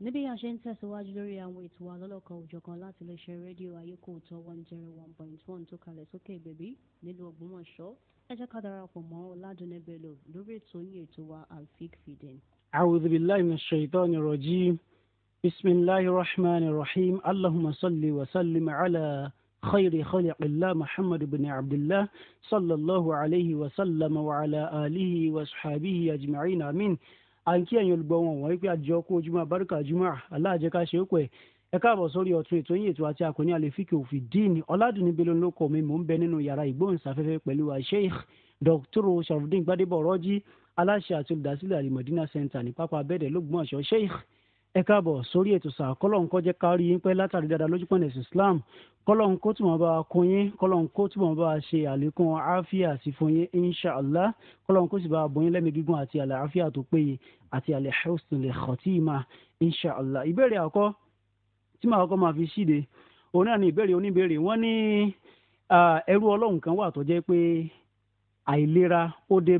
níbi yà ṣe ń tẹ̀síwájú lórí àwọn ètò wa lọ́lọ́kan òjọ̀kan láti iléeṣẹ́ rédíò ayékòótọ́ one zero oh one point one tó kalẹ̀ sókè bèbí nílùú Ògbómọ̀ṣọ́ ẹ jẹ́ ká darapọ̀ mọ́ Ọládùn Bello lórí ètò yín ètò wa alfik fidin. a'udhu billahi minash shaitani rajim bisimilahi rahman rahim allahumma salli wa sallim ala khayri khalqillah muhammad bin abdullah sallallahu alayhi wa sallam wa ala alihi wa sahbihi ajma'in amin à ń kí ẹ̀yin olùgbọ́ wọn wọ́n wípé àjọ kó ojúmọ́ abárúkà jùmọ̀ aláàjẹká ṣe é pẹ́ ẹ káàbọ̀ sórí ọ̀tún ètò yìí ètò àti àkóní àlefíkì òfin dín ọ̀làdùnní bẹ́lẹ̀ olóko mi mò ń bẹ nínú yàrá ìgbóhùnsáfẹ́fẹ́ pẹ̀lú Sheikh Dr. Sharafdin Gbadebo Rọ́jí aláṣẹ àti olùdásílẹ̀ al Center ní pápá abẹ́dẹ̀ lọ́gbọ̀nsọ̀ Sheikh ẹ káàbọ̀ sórí ètò sáà kọ́lọ́n kó jẹ́ ká rí yín pẹ́ látàrí dáadáa lójú pọ̀nà ẹ̀sìn islam kọ́lọ́n kó túmọ̀ bá a kún yín kọ́lọ́n kó túmọ̀ bá a ṣe àlékún àáfíà sí fún yín inshàlá kọ́lọ́n kó sì bá a bọ̀ gígùn àti àlẹ́ àáfíà tó péye àti àlẹ́ houston lè khatima inshàlá. ìbéèrè àkọ́ tí màá kọ́ máa fi ṣíde òun náà ni ìbéèrè oníbéèrè wọ́n ní ẹrú ọlọ́run kan wà tó jẹ́ pé àìlera ó dé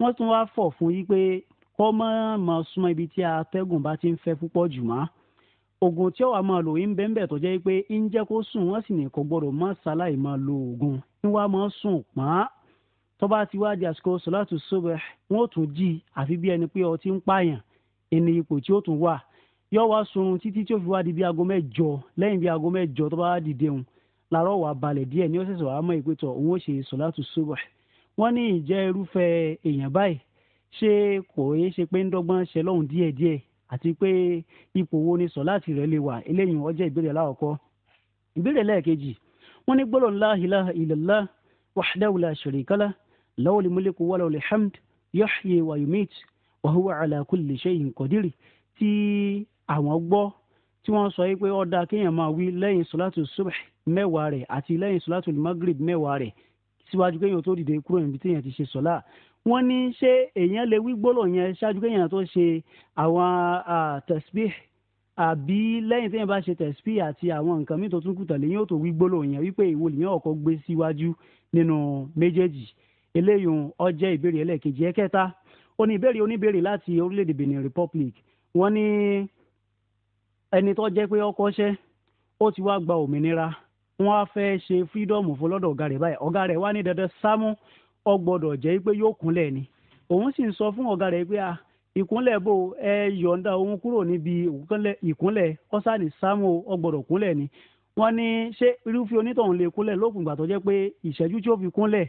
wọ́n tún wá fọ̀ fún yí pé kó máa máa súnmọ́ ibi tí atẹ́gùn bá ti ń fẹ́ púpọ̀ jù mọ́ oògùn tí ó wàá máa lò ń bẹ́ẹ̀ bẹ́ẹ̀ tó jẹ́ pé ń jẹ́ kó sùn wọ́n sì ní kó gbọ́dọ̀ má ṣaláì máa lo oògùn ń wá máa sùn pọ́n tó bá ti wá di àsìkò sọ̀láàtù sóbẹ̀ wọ́n ò tún jí àfi bí ẹni pé ọtí ń pààyàn ẹni ipò tí ó tún wà yóò wá sunrun títí tí ó fi wá di bí aago mẹ́jọ lẹ́yìn bí aago mẹ́jọ tó bá wá dìde òun làárọ̀ wà balẹ̀ díẹ̀ ní ó wàá mọ̀ ìpẹ́tọ̀ òun ó ṣe sọ̀láàtù sóbẹ̀ wọ́n ní ìjẹ́ irúfẹ́ èèyàn báyìí ṣé kò yé ṣe pé ń dọ́gbọ́n ṣe lọ́hùn díẹ̀díẹ̀ àti pé ipò wo ni sọ̀láàtì rẹ̀ lè wà eléyìí ó jẹ́ ìbéèrè aláwọ̀kọ́ ìbéèrè lẹ́ẹ̀kejì wọ́n ní gbọ́dọ̀ la ilaha illallah wahdahu la sharika lah lahul mulku wa lahul hamd yuhyi wa yumit wa huwa ala kulli shay'in qadir tí àwọn gbọ́ tí wọ́n sọ pé ó dáa kéèyàn máa wí lẹ́yìn sọ̀láàtù subh mẹ́wàá rẹ̀ àti lẹ́yìn sọ̀láàtù magrib mẹ́wàá rẹ̀ síwájú kéèyàn tó dìde kúrò níbi téèyàn ti ṣe sọ̀lá wọ́n ní ṣé èèyàn lè wí gbólóhùn yẹn ṣáájú kéèyàn tó ṣe àwọn tasbih àbí lẹ́yìn téèyàn bá ṣe tasbih àti àwọn nǹkan míì tó tún kù tẹ̀lé yóò tó wí gbólóhùn yẹn wípé ìwo lèyàn ọ̀kọ́ gbé síwájú nínú méjèèjì eléyìí ó jẹ́ ìbéèrè ẹlẹ́ẹ̀kejì ẹ̀kẹta ó ní ìbéèrè oníbéèrè láti orílẹ̀ Benin Republic wọ́n ní ẹni tó jẹ́ pé ọkọ ṣẹ́ ó ti wá gba òmìnira wọ́n á fẹ́ ṣe fídọ́ọ̀mù fún lọ́dọ̀ ọ̀gá rẹ̀ báyìí ọ̀gá rẹ̀ wá ní dandan sámú ọ gbọ́dọ̀ jẹ́ pé yóò kúnlẹ̀ ni òun sì ń sọ fún ọ̀gá rẹ̀ pé a ìkúnlẹ̀ bò ẹ yọ̀ǹda òun kúrò níbi ìkúnlẹ̀ ọ̀sánì sámú ọ gbọ́dọ̀ kúnlẹ̀ ni wọ́n ní ṣé irúfẹ́ onítọ̀hún lè kúnlẹ̀ lókun ìgbà tó jẹ́ pé ìṣẹ́jú tí ó fi kúnlẹ̀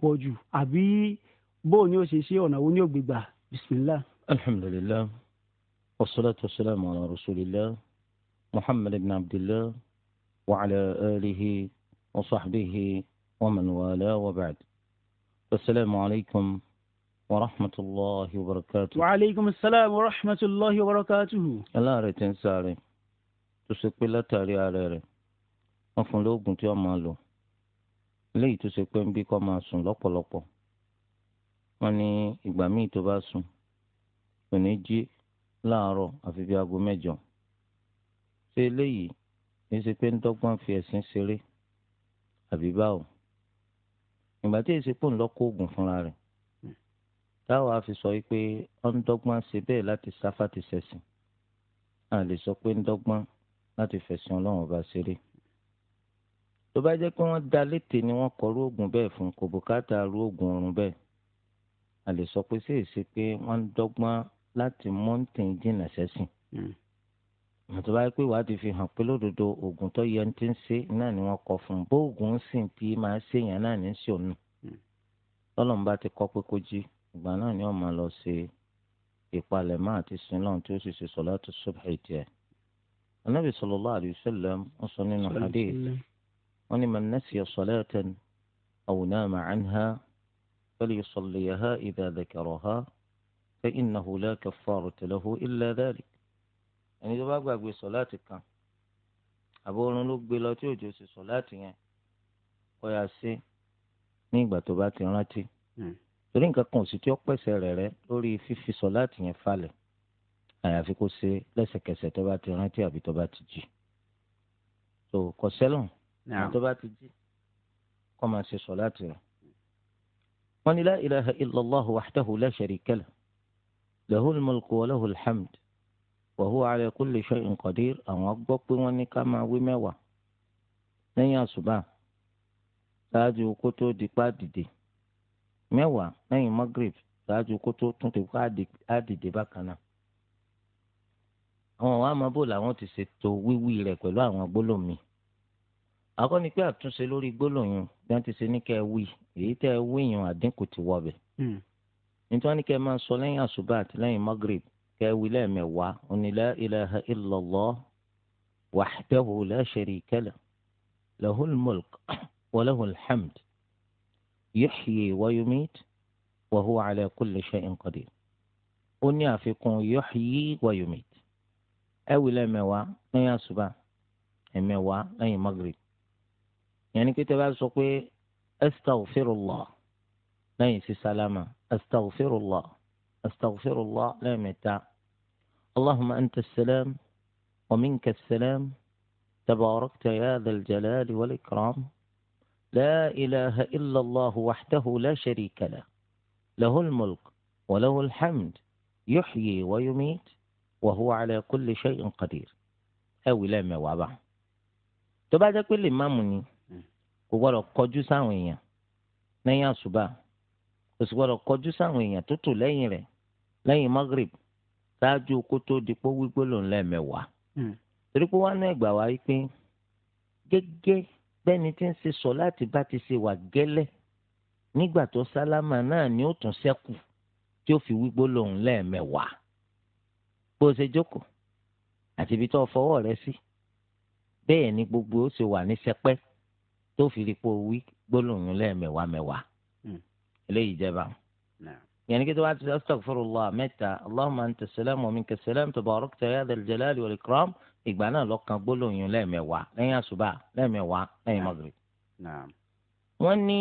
kò jù àbí bó ni ó ṣe ṣe ọ̀nà wo ni ó gbégbà bisimilah. alhamdulilah wasalaatu wasalaamu ala rasulillah muhammad ibn abdillah wa ala alihi wa wala wa السلام عليكم ورحمة الله وبركاته وعليكم السلام ورحمة الله وبركاته الله رتين ساري تسكب لا تاري عليه أفن لو كنت أمالو léyìí tó ṣe pé ń bí kọ́ wọ́n ní ìgbà míì tó bá sùn kò ní jí láàárọ̀ àfi bí aago mẹ́jọ ṣé eléyìí ní ṣe pé ń dọ́gbọ́n fi ẹ̀sìn ṣeré àbí ìgbà tí èsì pò ń lọ kó oògùn fúnra rẹ̀ hmm. táwa fi sọ pé ó ń dọ́gbọ́n ṣe bẹ́ẹ̀ láti sáfà ti ṣẹ̀sìn a lè sọ pé ń dọ́gbọ́n láti fẹ̀sìn ọlọ́run ọba ṣeré tó bá jẹ́ pé wọ́n da létè ni wọ́n kọ́ róògùn bẹ́ẹ̀ fún kò bùkátà róògùn ọ̀run bẹ́ẹ̀ a lè sọ pé sí èsì pé wọ́n dọ́gbọ́n láti mọ́ǹtìn jìnnà ṣẹ̀sìn. Hmm àti báyìí pé ìwádìí fi hàn pé lódodo oògùn tó yẹ ti ń ṣe náà ni wọ́n kọ fún un bó oògùn sì ti máa ṣèyàn náà ní sí òun hmm. tọ́lọ́mù bá ti kọ́ pé kó jí ìgbà náà ni wọ́n máa lọ ṣe ìpalẹ̀mọ́ àti sinlọ́n tí ó sì ṣe sọ̀látù subhi tiẹ̀. anábì sallallahu alayhi wa sallam wọ́n sọ nínú hadith wọ́n ní man nasiya salatan aw nama anha falyusalliha idha dhakaraha fa innahu la kaffarata lahu illa dhalik ẹni tó bá gbàgbé sọláàtì kan àbórun ló gbé lọ tí òjò sì sọláàtì yẹn kọyà sí ní ìgbà tó bá ti rántí hmm. torí nǹkan kan ò sì tí ó pèsè rẹ̀ rẹ́ lórí fífi sọláàtì yẹn falẹ̀ àyàfi kó ṣe lẹ́sẹ̀kẹsẹ̀ tó bá ti rántí àbí tó bá ti jí tó kọ sẹ́lọ̀n tó bá ti jí kó máa ṣe sọláàtì rẹ̀ wọ́n ní la ilaha illallah wahdahu la sharika lah lahul mulku wa lahul hamd wa huwa ala kulli shay'in qadir àwọn gbọ́ pé wọ́n ní ká máa wí mẹ́wàá lẹ́yìn àṣùbà ṣáájú kó tó di pa dìde mẹ́wàá lẹ́yìn magrib ṣáájú kó tó tún ti pa dìde bákan náà àwọn wa máa bò làwọn ti ṣètò wíwí rẹ̀ pẹ̀lú àwọn gbólómi àkọ́ ni pé àtúnṣe lórí gbólóyún bí wọ́n ti ṣe ní kẹ́ ẹ wí èyí tẹ́ ẹ wí yan àdínkù ti wọbẹ̀ hmm. nítorí wọ́n ní kẹ́ ẹ máa sọ lẹ́yìn àṣùbà àti lẹ́yìn magrib كاوي لا موا أن لا إله إلا الله وحده لا شريك له له الملك وله الحمد يحيي ويميت وهو على كل شيء قدير أن يافقون يحيي ويميت أو لا موا لا يصبح موا أي مغرب يعني كتب سوقي أستغفر الله ليس سلامة أستغفر الله أستغفر الله لا يمتع اللهم أنت السلام ومنك السلام تباركت يا ذا الجلال والإكرام لا إله إلا الله وحده لا شريك له له الملك وله الحمد يحيي ويميت وهو على كل شيء قدير أو لا ما وابع تبعد كل ما مني وقال كوجو ساوين نيا سبا كوغورو كوجو ساوين تتو لين لين مغرب ṣáájú kó tó di pé wí gbólóhùn lẹ́ẹ̀mẹ́wàá. Hmm. torí pé wọn náà gbà wá pé gẹ́gẹ́ bẹ́ni tí ń ṣe sọ láti bá ti ṣe wà gẹ́lẹ́ nígbà tó sálámà náà ni ó tún ṣẹ́kù tí ó fi wí gbólóhùn lẹ́ẹ̀mẹ́wàá. bó o ṣe jókòó àti ibi tó fọwọ́ rẹ sí bẹ́ẹ̀ ni gbogbo ó ṣe wà ní sẹpẹ́ tó fi rí pé o wí gbólóhùn lẹ́ẹ̀mẹ́wàá mẹ́wàá. Hmm. eléyìí jẹba yẹn kí tó bá ti sọ astaghfirullah mẹ́ta allahumma anta salam wa minka salam tabarakta ya dhal jalali wal ikram ìgbà náà lọ́kàn gbólóyún lẹ́ẹ̀mẹ́wàá lẹ́yìn àṣùbà lẹ́ẹ̀mẹ́wàá lẹ́yìn maghrib. wọ́n ní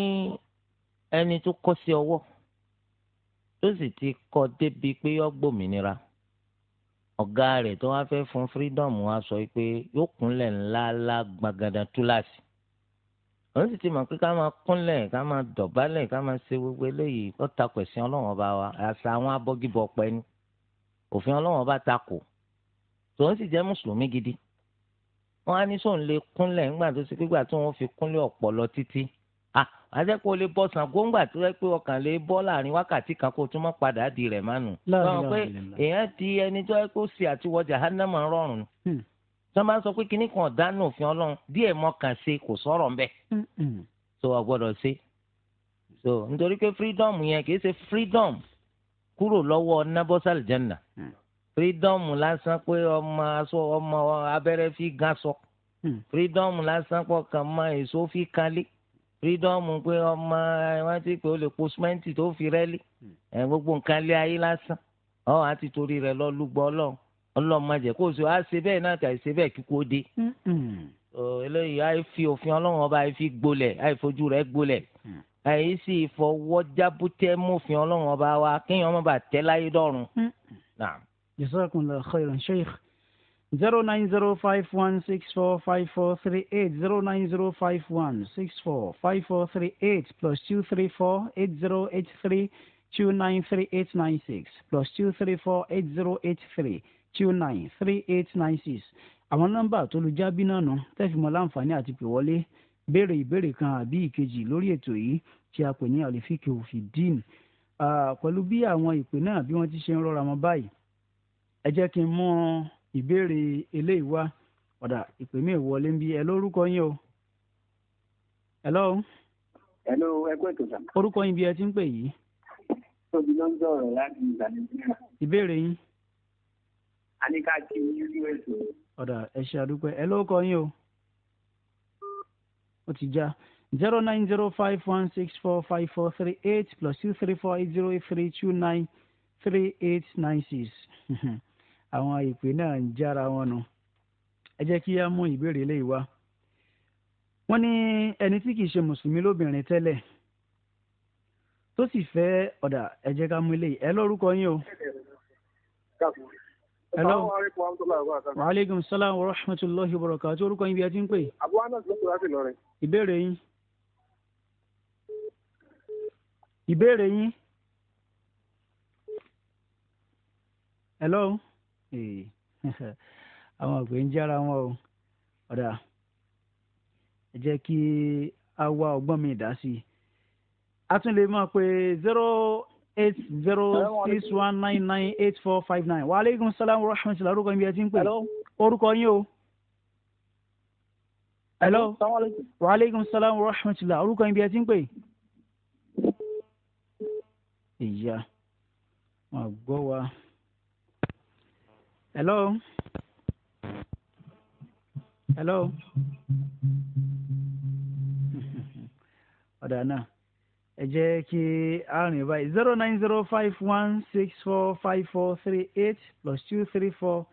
ẹni tó kọ́ sí ọwọ́ tó sì ti kọ́ débi pé yọ gbòmìnira ọ̀gá rẹ̀ tó wá fẹ́ fún fírídọ̀mù wa sọ pé yóò kúnlẹ̀ ńláńlá gbàgàdà túláàsì wọ́n sì ti mọ̀ pé ká máa kúnlẹ̀ ká máa dọ̀bálẹ̀ ká máa ṣe gbogbo eléyìí ó takò ẹ̀sìn ọlọ́run ọba wa àṣà àwọn abọ́gibọ̀ pẹ́ ni òfin ọlọ́run ọba takò tòun sì jẹ́ mùsùlùmí gidi wọ́n á ní sóun lè kúnlẹ̀ ńgbà tó ṣe pígbà tí wọ́n fi kúnlẹ̀ ọ̀pọ̀ lọ títí àjẹkọ̀ọ́ lè bọ́ Ṣàngó ńgbà tó yẹ pé ọkàn lè bọ́ láàrin wákàtí kan kó tún mọ́ padà di rẹ̀ mánu. lọ́wọ́ pé èèyàn di ẹni tó yẹ kó ṣe àtiwọ́ jahannama rọrùn tí wọ́n bá ń sọ pé kinní kan dánú òfin ọlọ́run díẹ̀ mọ́kàn ṣe kò sọ̀rọ̀ ńbẹ́ so a gbọ́dọ̀ ṣe so nítorí pé freedom yẹn kì ṣe freedom kúrò lọ́wọ́ nabosal janna mm. freedom lásán pé ọmọ aṣọ ọmọ abẹ́rẹ́ fi gan sọ mm. freedom lásán pọ̀ kàn mọ èso fi kalẹ̀ freedom pé ọmọ wọn ti pé o lè po simẹ́ǹtì tó fi rẹ́lí mm. gbogbo nǹkan lé ayé lásán ọ̀ àti torí rẹ̀ lọ lúgbọ́ ọlọ́run ọlọ́mọdé kó sọ àṣe bẹ́ẹ̀ náà tàì ṣe bẹ́ẹ̀ kíkó dé. eléyìí àì fi òfin ọlọ́run ọba àì fi gbolẹ̀ àì fojú rẹ̀ gbolẹ̀ mm. àì sì fọwọ́ jábútẹ́ mọ́fin ọlọ́run ọba wa kéèyàn má bàa tẹ́ láyé dọ́run. Mm. jazakumullahu khairan sheikh zero nine zero five one six four five four three eight zero nine zero five one six four five four three eight plus two three four eight zero eight three two nine three eight nine six plus two three four eight zero eight three two nine three eight nine six àwọn nọ́mbà tó lu jábí náà nù tẹ́fìmọ́ láǹfààní àti pè wọlé béèrè ìbéèrè kan àbí ìkejì lórí ètò yìí tí a pè ní àlefíkè òfin dín pẹ̀lú bí àwọn ìpè náà bí wọ́n ti ṣe ń rọra wọn báyìí ẹ jẹ́ kí n mú ìbéèrè eléyìí wá ọ̀dà ìpè mi wọlé bí ẹ lórúkọ yín o. hello. hello ẹgbẹ́ ìtòsà. orúkọ yín bí ẹ ti ń pè yìí. tóbi ló ń sọ̀rọ̀ láti ìgbà nàìjíríà. ìbéèrè yín àníkà kí irú ètò. ọ̀dà ẹ ṣe àdúpẹ́ ẹ ló kọ yín o ó ti já zero nine zero five one six four five four three eight plus two three four eight zero eight three two nine three eight nine six àwọn ìpè náà ń jára wọn nu ẹ jẹ́ kí á mú ìbéèrè lè wá wọ́n ní ẹni tí kìí ṣe mùsùlùmí lóbìnrin tẹ́lẹ̀ tó sì fẹ́ ọ̀dà ẹ jẹ́ ká mú eléyìí ẹ lórúkọ yín o hello waaleykum salaam wa rahmatulahi wa barakatu orúkọ yín bí ẹ ti ń pè. àbúrò anas ló ń pè láti Ìlọrin. ìbéèrè yín. ìbéèrè yín. hello. àwọn ọ̀gbìn ń jára wọn o ọ̀dà ẹ jẹ́ kí a wá ọgbọ́n mi dá sí i a tún lè máa pe zero eight zero six one nine nine eight four five nine. wa aleykum salaam wa rahmatulah orúkọ ibi ẹ ti ń pè. orúkọ yín o. hello. wa aleykum salaam wa rahmatulah orúkọ ibi ẹ ti ń pè. ìyá wọn gbọ́ wa. hello. hello. ọ̀dà náà ẹ jẹ́ kí a rìn báyìí zero nine zero five one six four five four three eight plus two three four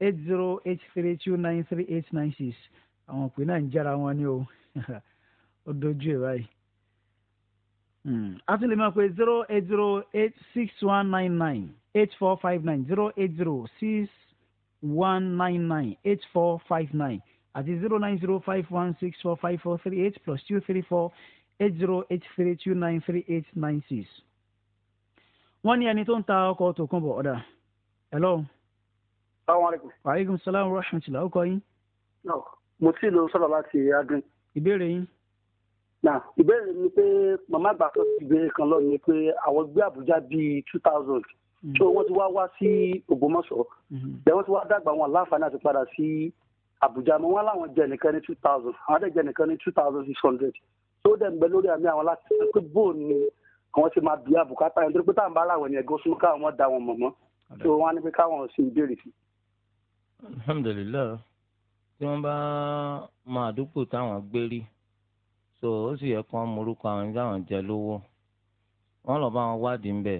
eight zero eight three two nine three eight nine six àwọn òpin náà ń jára wọn ni o ó dojú ẹ báyìí. Hmm. a tún lè máa pe zero eight zero eight six one nine nine eight four five nine zero eight zero six one nine nine eight four five nine àti zero nine zero five one six four five four three eight plus two three four eight zero eight three two nine three eight nine six. wọ́n ní ẹni tó ń ta ọkọ̀ tó kàn bọ̀ ọ̀dà. hello. salaamaleykum. waaleykum salaam wa rahmatulah ọkọ yín. mo ti lo sọ̀rọ̀ láti adùn. ìbéèrè yín. na ìbéèrè mi pé màmá àgbà tó ti gbé kan lọ ni pé àwọn gbé Àbújá bíi two thousand mm-hmm. so wọ́n ti wá wá sí Ògbómọ̀ṣọ́ bẹ́ẹ̀ mm-hmm. wọ́n ti wá dàgbà wọn láǹfààní àti padà sí Àbújá mọ́ wọn láwọn jẹ nìkan ní two thousand àwọn àdẹ̀jẹ nìkan ní two thousand six hundred tó dẹ̀ ń bẹ lórí àmì àwọn láti ṣe pé bóò ni àwọn ṣe máa bí àbùkátà ẹni tó pé táwọn bá làwọn ènìyàn gosùn káwọn mọ̀ da wọn mọ̀ mọ́ tó wọn á ní pé káwọn ṣe ìbéèrè sí. alhamdulilayi tí wọ́n bá máa àdúgbò táwọn gbé rí so ó sì yẹ kán morúkọ àwọn ẹni táwọn jẹ lówó wọ́n lọ bá wọn wádìí ńbẹ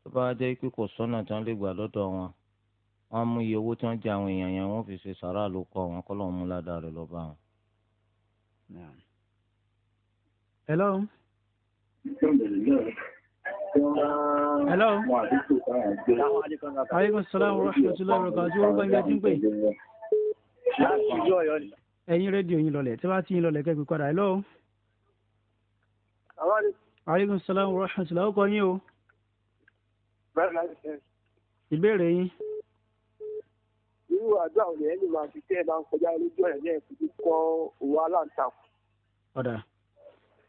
tó bá jẹ́ pé kò sọ́nà tí wọ́n lè gbà lọ́dọ̀ wọn wọ́n mú iye owó tí wọ́n jẹ àwọn èèyàn yẹn wọ́n fi ṣe sàrà ló kọ wọn kọ́ lọ́wọ́ mú ládàá rẹ̀ lọ́ bá wọn hello. hello. aleykum salaam wa rahmatullahi wa barakatuh orúkọ ibi ẹtí ń pè. ẹ̀yin rédíò yín lọlẹ̀ tí wàá ti yín lọlẹ̀ kẹ́gbẹ́ padà hello. aleykum salaam wa rahmatullahi orúkọ yín o. ìbéèrè yín irú àdúrà òní ẹni máa fi tẹ́ ẹ máa ń kọjá lójú ọ̀rẹ́ ní ẹ̀kú tó kọ́ òwò aláǹtakùn. ọ̀dà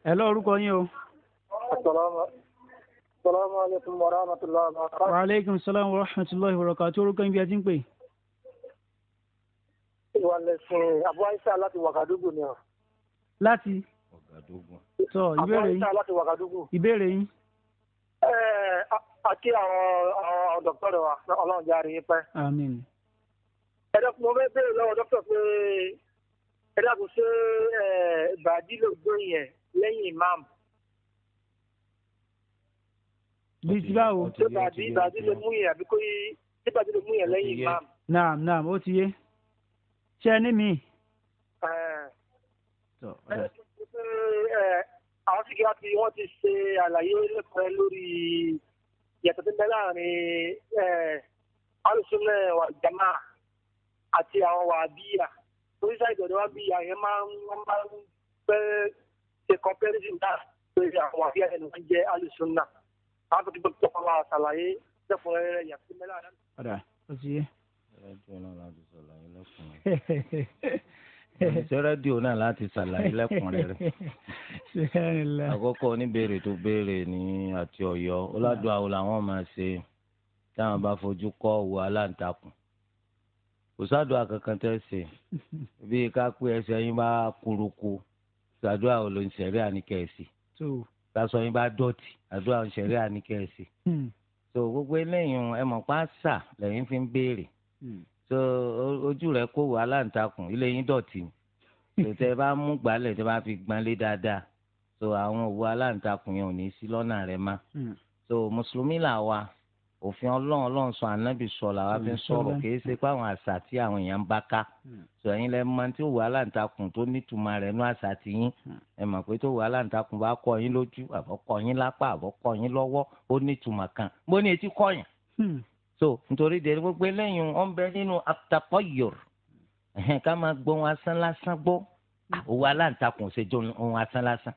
ẹ lọ orúkọ yín o. wa rahmatulahi wa barakatuh. wa aleykum salaam wa rahmatulahi wa barakatuh orúkọ yín bí ẹ ti ń pè. ìwà lẹ̀sìn abu aisha láti wàkàdúgbò ni ọ. láti. wàkàdúgbò. sọ ìbéèrè yín abu aisha láti wàkàdúgbò. ìbéèrè yín. ẹ ẹ àti àwọn àwọn dọ́kítọ̀rì wa ọlọ́run járe yín pẹ́. àmín. ẹ dẹ́kun mo fẹ́ béèrè lọ́wọ́ dókítà pé ẹ dẹ́kun ṣé bàájì ló gbé lẹ́yìn imam. bí ti báwo. tó bàbí ìbàdí ló mú yẹn àbí kó yí ìbàdí ló mú yẹn lẹ́yìn imam. naam naam ó ti yé ṣe é ní mi. àwọn sìkìrà tí wọ́n ti ṣe àlàyé lẹ́kọ̀ọ́ lórí yàtọ̀ tó ń bẹ láàrin alùsùnmẹ̀ jama àti àwọn wàhábíyà oríṣiríṣi ìdọ̀dọ̀ wá bí àyẹ̀ máa ń fẹ́ ṣe comparison náà lórí àwọn àbí ẹni wọn jẹ alùsùn náà àwọn tó tó kọ́ wa ṣàlàyé lẹ́kùnrin rẹ̀ yàtí mẹ́lá rẹ̀. padà ó ti yé. rẹ́díò náà láti ṣàlàyé lẹ́kùnrin ṣé rẹ́díò náà láti ṣàlàyé lẹ́kùnrin rẹ̀. àkọ́kọ́ oníbèrè tó béèrè ní àti ọ̀yọ́ ó ládùn àwọn làwọn máa ṣe táwọn bá fojú kọ́ wo aláǹtakùn kò sádùn àkàkàn tẹ́ ṣe bí ká pé ẹsẹ̀ yín bá kúrúkú àdúrà ò ló ń ṣẹ̀rí àníkẹ́ẹ̀sì lásán yín bá dọ̀tí àdúrà ò ń ṣẹ̀rí àníkẹ́ẹ̀sì hmm. so gbogbo eléyìí ẹ mọ̀ pa àṣà lẹ́yìn fi ń béèrè hmm. so ojú rẹ̀ kó wà láǹtakùn ilé yín dọ̀tí tètè bá mú gbálẹ̀ tẹ́ bá fi gbanlé dáadáa so àwọn òwú aláǹtakùn yẹn ò ní sí lọ́nà rẹ̀ má hmm. so mùsùlùmí là òfin ọlọ́run ọlọ́run sọ ànábì sọ làwọn fi ń hmm, sọ̀rọ̀ kì í ṣe pé àwọn àṣà tí àwọn èèyàn ń bá ká hmm. sọ yín lẹ máa tí ó wà láǹtakùn tó nítumọ̀ rẹ̀ nú àṣà ti yín hmm. ẹ mọ̀ pé tó wà láǹtakùn bá kọ yín lójú àbọ̀kọ yín lápá àbọ̀kọ yín lọ́wọ́ ó nítumọ̀ kan bó ní etí kọ̀yàn. so nítorí dèrè gbogbo eléyìí wọn bẹ nínú àtàkọyọr ká máa gbọ́ wọn asán lásán gbọ́ ah, òwò aláǹtakùn ṣèjọ ohun asán lásán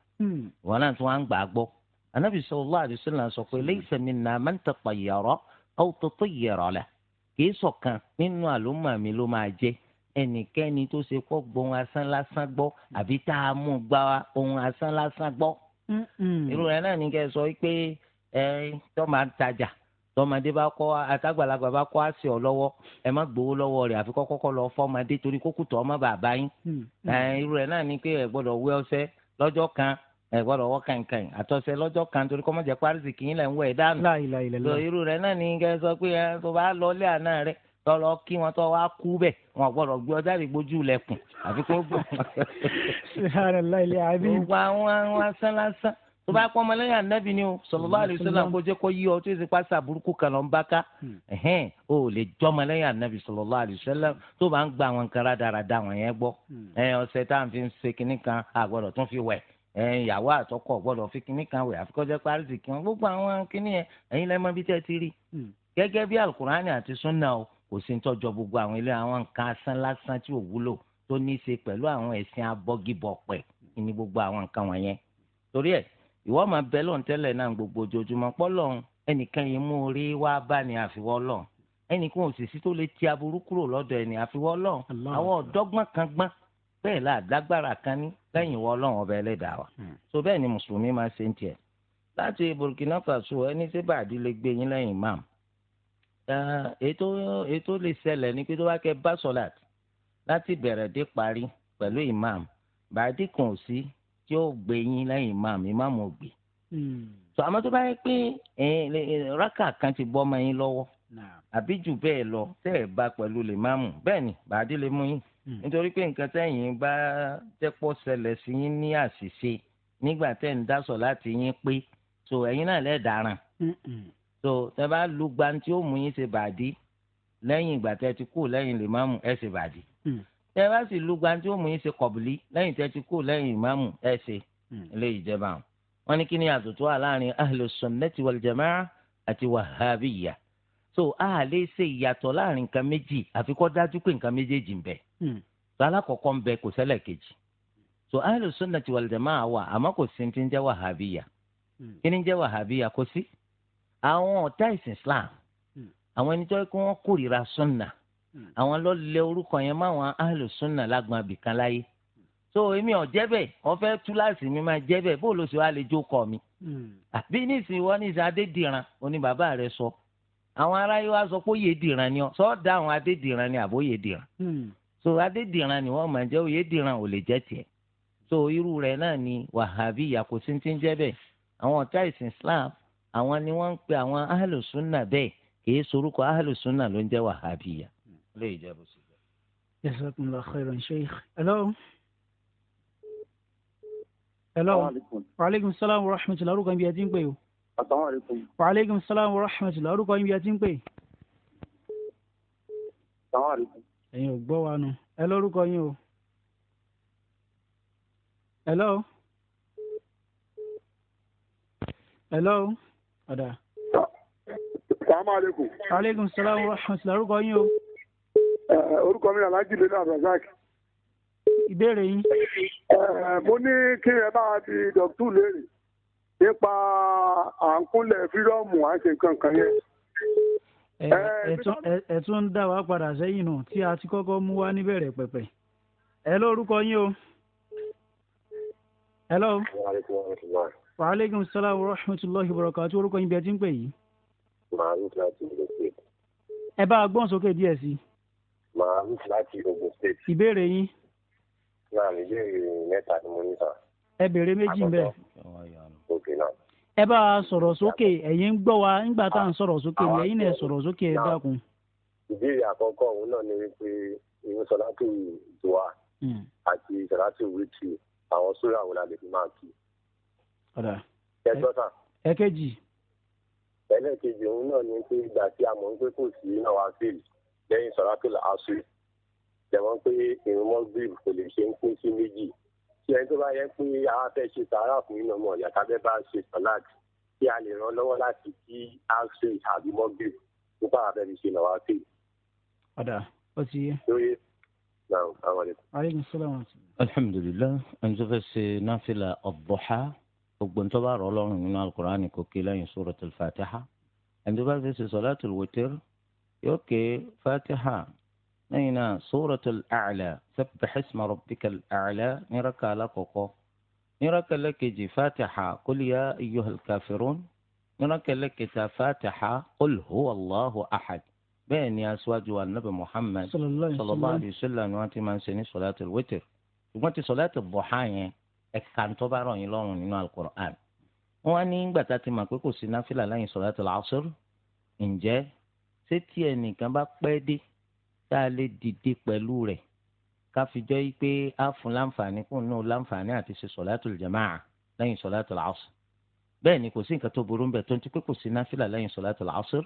ìwọ náà tún anabi sallallahu alaihi wasallam sọ pé laysa minna man tatayyara aw tutayyara lahu kìí ṣọ̀kan nínú àlùmọ́ mi ló máa jẹ́ ẹnikẹ́ni tó ṣe kọ́ gbọ́n asán lásán gbọ́ àbí tá a mú gba ohun asán lásán gbọ́. irú rẹ náà ní kẹ́ ẹ sọ pé ẹ tó máa ń tajà tọmọdé bá kọ àtàgbàlagbà bá kọ àṣẹ ọ lọ́wọ́ ẹ má gbowó lọ́wọ́ rẹ àfi kọkọkọ lọ fọmọdé torí kókùtọ ọmọ bàbá yín irú rẹ náà ní pé ẹ gbọ́dọ̀ wé ọṣẹ lọ́jọ́ kan ẹ gbọ́dọ̀ wọ kankan àtọ̀sẹ̀ lọ́jọ́ kan torí kọ́ mọ̀jẹ̀ parisi kì í lẹ̀ ń wẹ̀ dànù. lọ irú rẹ náà ní kẹ sọ pé ẹ tó bá lọ ilé àná rẹ tó lọ kí wọn tó wá kú bẹ wọn gbọ́dọ̀ gbé ọjà rẹ gbójú lẹ̀kùn àfi kó gbọ́. wà wọn wọn sán lásán tó bá pọ́n mọ́lẹ́yìn ànábì ni o sallallahu alaihi wasallam kó jẹ́ kó yí ọ tó ṣe pàṣà burúkú kan lọ́n bá ká hmm. o lè jọ́ mọ́lẹ́yìn ànábì sallallahu alaihi wasallam tó bá ń gba àwọn nǹkan rádaràda wọn yẹn gbọ́ hmm. ọ̀sẹ̀ tá à ń fi ṣe kinní kan àgbọ̀dọ̀ tún fi wẹ̀ ìyàwó àtọkọ gbọ́dọ̀ fi kinní kan wẹ̀ àfikọjẹ pàrọsì kí wọn gbogbo àwọn kinní yẹn ẹ̀yin lẹmọ bíi tẹ ti rí hmm. gẹ́gẹ́ bí alukurani àti sunna o kò sí tọjọ gbogbo àwọn ilé àwọn nǹkan asán lásán tí ò wúlò tó ní í ṣe pẹ̀lú àwọn ẹ̀sìn abọgibọpẹ ní gbogbo àwọn nǹkan wọ̀nyẹn torí ẹ̀ ìwọ máa bẹ lọ́n tẹ́lẹ̀ náà gbogbo ojoojúmọ́ pọ́lọ́ ẹnìkan yìí mú orí wá bá ní àfiwọ́ lọ́n ẹnìkan òṣìṣì bẹ́ẹ̀ la àdágbára kan ní lẹ́yìn wọ ọlọ́run ọba ẹlẹ́dàá wa hmm. so bẹ́ẹ̀ ni mùsùlùmí máa ṣe ń tiẹ̀ láti burkina faso ẹni tí bàdí lè gbé yín lẹ́yìn imam ètò ètò lè ṣẹlẹ̀ ní pé tó bá kẹ́ bá sọ̀làt láti bẹ̀rẹ̀ dé parí pẹ̀lú imam bàdí kan ò sí tí ó gbé yín lẹ́yìn imam imam ò gbé hmm. so àmọ́ tó bá yẹ pé rákà kan ti bọ́ ọmọ yín lọ́wọ́ àbí jù bẹ́ẹ̀ lọ tẹ́ ẹ̀ bá pẹ̀lú lè máàmù bẹ́ẹ̀ ni bàdí lè mú yín. Hmm. nítorí pé nǹkan tẹ́yìn bá tẹ́pọ̀ ṣẹlẹ̀ sí yín ní àṣìṣe nígbà tẹ́ ń dásọ̀ láti yín pé so ẹ̀yin náà lẹ́ẹ̀daràn so tẹ́ bá lu gbanti ó mú yín ṣe bàdí lẹ́yìn ìgbà tẹ́ ti kú lẹ́yìn lèmámù ẹ̀ ṣe bàdí hmm. tẹ́ bá sì lu gbanti ó mú yín ṣe kọ̀bìlì lẹ́yìn tẹ́ ti kú lẹ́yìn ìmámù ẹ̀ ṣe hmm. ilé ìjẹba wọn ní kí ni àtútù wà láàrin ahlus sunnati wal àti wàhábìyà so a lè ṣe ìyàtọ̀ láàrin nǹkan méjì àfi kó dájú pé nǹkan méjèèjì ń bẹ hmm. so alákọ̀ọ́kọ́ ń bẹ kò sẹ́lẹ̀ kejì so ahlu sunnati wal jamaa àwa àmọ́ kò sí ti ń jẹ́ wàhábíyà hmm. kí ni ń jẹ́ wàhábíyà kò sí àwọn ọ̀tá ìsìn Islam hmm. àwọn ẹni tó yẹ kí kórìíra sunna àwọn ló lẹ orúkọ yẹn máwọn ahlu sunna lágbọn abìkan láyé so èmi ò jẹ́ bẹ́ẹ̀ wọ́n fẹ́ túláàsì mi máa jẹ́ bẹ́ẹ̀ bó ló ṣe wá lè jó mi àbí nísìnyí wọ́n ní ìsàdédìran oní bàbá rẹ̀ sọ. So àwọn aráyé wa sọ pé òye dìran ni ọ sọ da àwọn adé dìran hmm. ni àbóyè dìran so adé dìran ni wọn máa jẹ òye dìran ò lè jẹ tiẹ̀ so irú rẹ̀ náà ni wàhábì yàkó títí ń jẹ bẹ́ẹ̀ àwọn ọ̀tá ìsìn Islam àwọn ni wọ́n ń pe àwọn ahlùsúnà bẹ́ẹ̀ kìí sorúkọ ahlùsúnà ló ń jẹ́ wàhábì yà. lè jẹ́ bó ṣe jẹ́. jazakumullahu khairan sheikh. hello. hello. waaleykum salaam wa rahmatullahi orúkọ ibi ẹ ti ń pè o asalaamualeykum. waaleykum salaam wa rahmatulah orúkọ yín bí ẹ ti ń pè. asalaamualeykum. ẹ̀yin ò gbọ́ wa nù ẹ lórúkọ yín o. hello. hello. ọ̀dà. salaamualeykum. waaleykum salaam wa rahmatulah orúkọ yín o. Eh, orúkọ mi ni alhaji lelu abdulrasaq ìbéèrè yín. Eh, mo ní kí ẹ bá di dọ̀tú léèrè. nípa à ń kúnlẹ̀ fírọ́ọ̀mù à ń ṣe nǹkan kan yẹn. ẹ tún ń dá wa padà sẹ́yìn nù tí a ti kọ́kọ́ mú wa níbẹ̀rẹ̀ pẹ̀pẹ̀ ẹ lórúkọ yín o. hello. wa salaam rahmatulahi wa barakatuh orúkọ yín bí ti ń pè yìí. láti Ogun State. i. láti Ogun State. ìbéèrè òkè náà. ẹ bá a sọ̀rọ̀ sókè ẹ̀yin ń gbọ́ wa nígbà tá à ń sọ̀rọ̀ sókè ni ah, ẹ̀yin náà sọ̀rọ̀ sókè ẹ ah, dákun. ìbéèrè àkọ́kọ́ òun náà ni wípé ìwé sọ̀rọ̀tì ìdùwà hmm. àti sọ̀rọ̀tì wíìtì àwọn sórí àwọn alẹ́ fi máa kí. ẹ gbọ́ sà. ẹ̀kejì. ẹlẹ́kejì òun náà ni pé ìgbà tí a mọ̀ ń pé kò sí náà wá fèlì lẹ́yìn sọ̀rọ̀tì àṣù jẹ̀wọ́n pé ìrúnmọ́gbìn kò lè ṣe ń pín sí méjì tí ẹni tó bá yẹ pé àwọn afẹ́ ṣe sàárà fún iná ọmọ ìyá tábẹ́ bá ṣe sàláàtì tí a lè ràn lọ́wọ́ láti kí áṣẹ àbí mọ́gbìn tó bá abẹ́ mi ṣe lọ́wọ́ sí. ọ̀dà ó ti yé. lóye náà àwọn ọ̀dẹ. aleykum salaam wa rahmatulah. alhamdulillah ẹni tó fẹ́ ṣe náfìlà ọ̀bọ̀há gbogbo ń tó bá lọ́rùn nínú alukur'an kò kí lẹ́yìn suratul fatiha ẹni tó bá fẹ́ ṣe salatul witr yóò ké fatiha نينا سورة الأعلى سبح اسم ربك الأعلى نركا لك قو نركا لك جي فاتحة قل يا أيها الكافرون نركا لك فاتحة قل هو الله أحد بين يا سواج والنبي محمد صلى الله, عليه وسلم صلى الله عليه وسلم نواتي من سنة صلاة الوتر نواتي صلاة الضحاء كان تبارا يلون من القرآن وأني بتاتي ما كوكو سنافلة لين صلاة العصر إنجي ستيني كان بقبدي tá a lè dìde pẹ̀lú rẹ̀ ká fi jọ́ yí pé a fún láǹfààní kún náà láǹfààní àti ṣe sọ̀látùl jama'a lẹ́yìn sọ̀látùl asr bẹ́ẹ̀ ni kò sí nǹkan tó burú ń bẹ̀ tó ń ti pé kò sí náfìlà lẹ́yìn sọ̀látùl asr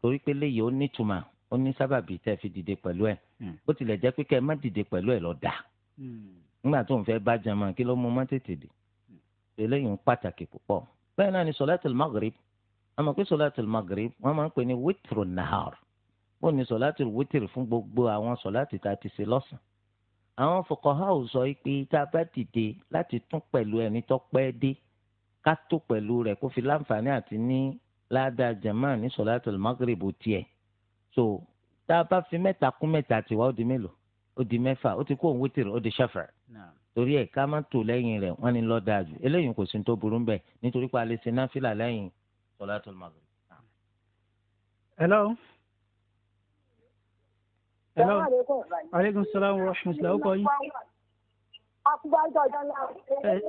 torí pé léyìí ó nítumọ̀ ó ní sábàbí tẹ́ fi dìde pẹ̀lú ẹ̀ hmm. bó tilẹ̀ jẹ́ pé kẹ́ ẹ má dìde pẹ̀lú ẹ̀ lọ dà hmm. nígbà tó ń fẹ́ bá jẹun kí ló mú má tètè dé hmm. eléyìí ń pàtàkì púpọ̀ bẹ́ẹ̀ náà ni sọ̀látùl maghrib bóun ni sọ̀láàtì wítìrì fún gbogbo àwọn sọ̀láàtì tá a ti ṣe lọ́sàn-án àwọn fòkànhá ò sọ pé tá a bá dìde láti tún pẹ̀lú ẹni tó pẹ́ dé ká tó pẹ̀lú rẹ̀ kó fi láǹfààní àti ní ládàá jàmáà ní sọ̀láàtì magrib tiẹ̀ so tá a bá fi mẹ́ta kún mẹ́ta tiwa ó di mélòó ó di mẹ́fà ó ti kó òun wítìrì ó di ṣẹ́fà torí ẹ̀ ká má tò lẹ́yìn rẹ̀ wọ́n ní lọ́ọ́ dáa jù eléyìí kò sí tó burú ń bẹ̀ nítorí pé a lè ṣe náfìlà lẹ́yìn sọ̀láàtì magrib. hello hello aleykum salaam wa rahmatulah ó kọ yín. akúgbájọ ìjọ náà.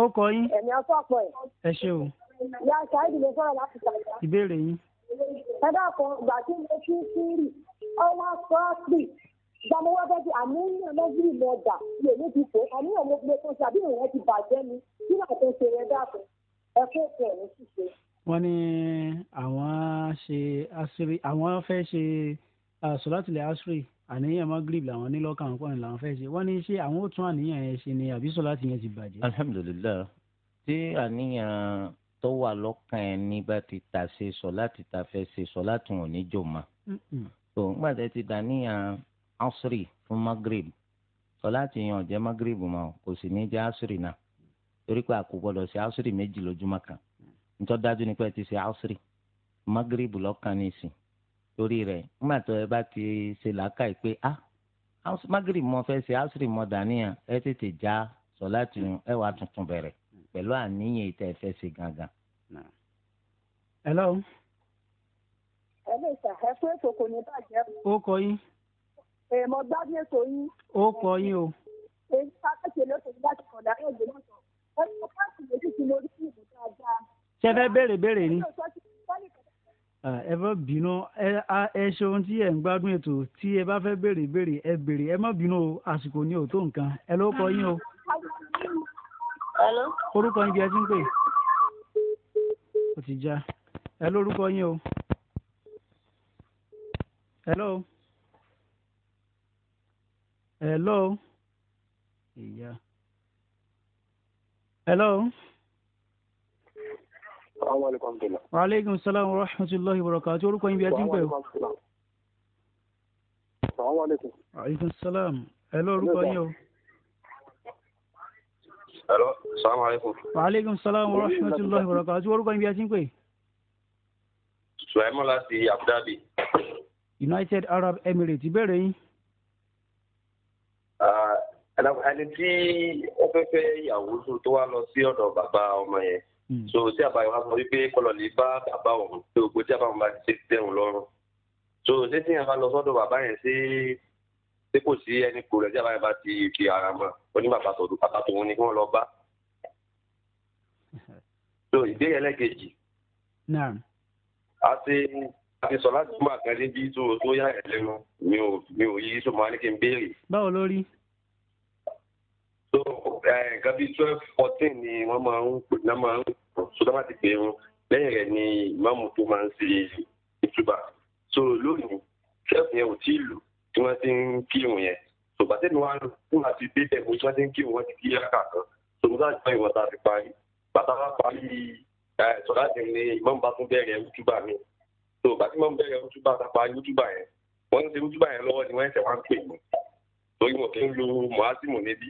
ó kọ yín. ẹ̀mí ọtọ́ ọ̀pọ̀ ẹ̀. ẹ ṣé o. ìyá saheed ló sọ̀rọ̀ láti sàlẹ̀. ìbéèrè yín. ẹ dákun ìgbà tí mo fi ń kírì ọwọ́ sọ́ọ̀sì gbàmọ́ wá bẹ́ẹ̀ àníyàn lọ́gbìn mọ̀ọ́dà lè ní ti fò àníyàn mo gbé fún ṣàbí ìrìn ti bàjẹ́ mi kí náà tó ṣe rẹ dákun ẹ kó kẹ̀ ní ṣíṣe. wọ́n ní àwọn ṣe àṣírí àwọn fẹ́ ṣe. Ah, sọlátìlẹ̀ asiri àníyàn magrib làwọn ní lọ́kàn àwọn kọ́ni làwọn fẹ́ ṣe wọ́n ní ṣé àwọn ó tún àníyàn yẹn ṣe ni àbí sọláàtì yẹn ti bàjẹ́. alhamdulilayi tí àníyàn tó wà lọ́kàn ẹ̀ ní bá ti tà ṣe sọláàtì tà fẹ́ ṣe sọláàtì wọn ní jòmá. tó nígbà tí ti dàníyàn asiri fún magrib sọláàtì yẹn ò jẹ́ magrib mọ́ kò sì ní jẹ́ asiri náà torí pé a kò gbọdọ̀ ṣe asiri méjì lójúmọ́ kan nítorí dájú ni pé ti ṣe asiri magrib lọ́kàn ní ìsìn torí rẹ̀ nígbà tó ẹ bá ti ṣe làákàyè pé a magiri mọ fẹ́ ṣe asiri mọ dàníyàn ẹ tètè já sọlá tìyún ẹ wàá tuntun bẹ̀rẹ̀ pẹ̀lú àníyàn ìtẹ ẹ fẹ́ ṣe gangan. hello. ẹ lè sà ẹ fún ètò kò ní bàjẹ́ o. ó kọ yín. èèmọ̀ gbádùn ètò yín. ó kọ yín o. èyí ká kẹ́kẹ́ lóṣù tí láti kọ̀dá ẹ̀jẹ̀ náà sọ. ẹ ní ká sì lè ti lórí ìbùdó ajá. ṣé fẹ́ béèrè béèrè ni. ẹ ní ẹ má bínú ẹ ṣeun tí ẹ ń gbádùn ètò tí ẹ bá fẹ́ béèrè béèrè ẹ béèrè ẹ má bínú o àsìkò ni ò tó nǹkan ẹ ló kọ yín o. orúkọ yín bí ẹ ti ń pè. ó ti já ẹ lórúkọ yín o. hello. hello. hello. hello? wa aleykum salaam wa rahmatulahi wa barakatuh orúkọ yín bí ẹ ti ń pè o. aleykum salaam ẹ lọ orúkọ yín o. Hello, salaam aleykum. Wa aleykum salaam wa rahmatulahi wa barakatuh orúkọ yín bí ẹ ti ń pè. Suleiman láti Abu Dhabi. United Arab Emirates ìbéèrè yín. ẹni tí ó fẹ́ fẹ́ ìyàwó tó wá lọ sí ọ̀dọ̀ bàbá ọmọ yẹn. Hmm. so tí àbáyọ wa sọ wípé kọlọ ní bá bàbá òun pé gbogbo tí àbáwọn bá ti ṣe tẹ̀hún lọ́rùn so ṣé tí yẹn bá lọ sọ́dọ̀ bàbá yẹn sí ṣé kò sí ẹni kò rẹ̀ tí àbáyọ bá ti fi ara mọ́ oní bàbá tòun bàbá tòun ni kí wọ́n lọ bá so ìbéèrè ẹlẹ́kejì àti àti sọ láti mú àkàndé bí tó tó yá ẹ̀ lẹ́nu mi ò mi ò yí sọ mọ́ kí n béèrè. báwo ló rí so eh, nǹkan bíi twelve fourteen ni wọ́n máa ń pè náà máa ń pọ̀ so dábàá ti pè wọn lẹ́yìn rẹ̀ ni ìmáàmù tó máa ń ṣe ìtúbà so lónìí twelve yẹn ò tí ì lù tí wọ́n ti ń kírun yẹn so bàtẹ́ mi wá lù fún àti débẹ̀ mo tí wọ́n ti ń kírun wọ́n ti kí yàrá kan so mo sáà gbọ́ ìwọ̀n tá a ti parí bàtà wá parí sọ̀rọ̀ àti ní ìmáàmù bá tún bẹ̀rẹ̀ ìtúbà mi so bàtí ìmáàmù bẹ̀rẹ̀ ìtúbà tá a parí ìtúbà yẹn wọ́n ń ṣe ìtúbà yẹn lọ́wọ́ ni wọ́n ẹ̀sẹ̀ wá ń pè mí torí mo kì í lu mọ̀ásìmù níbí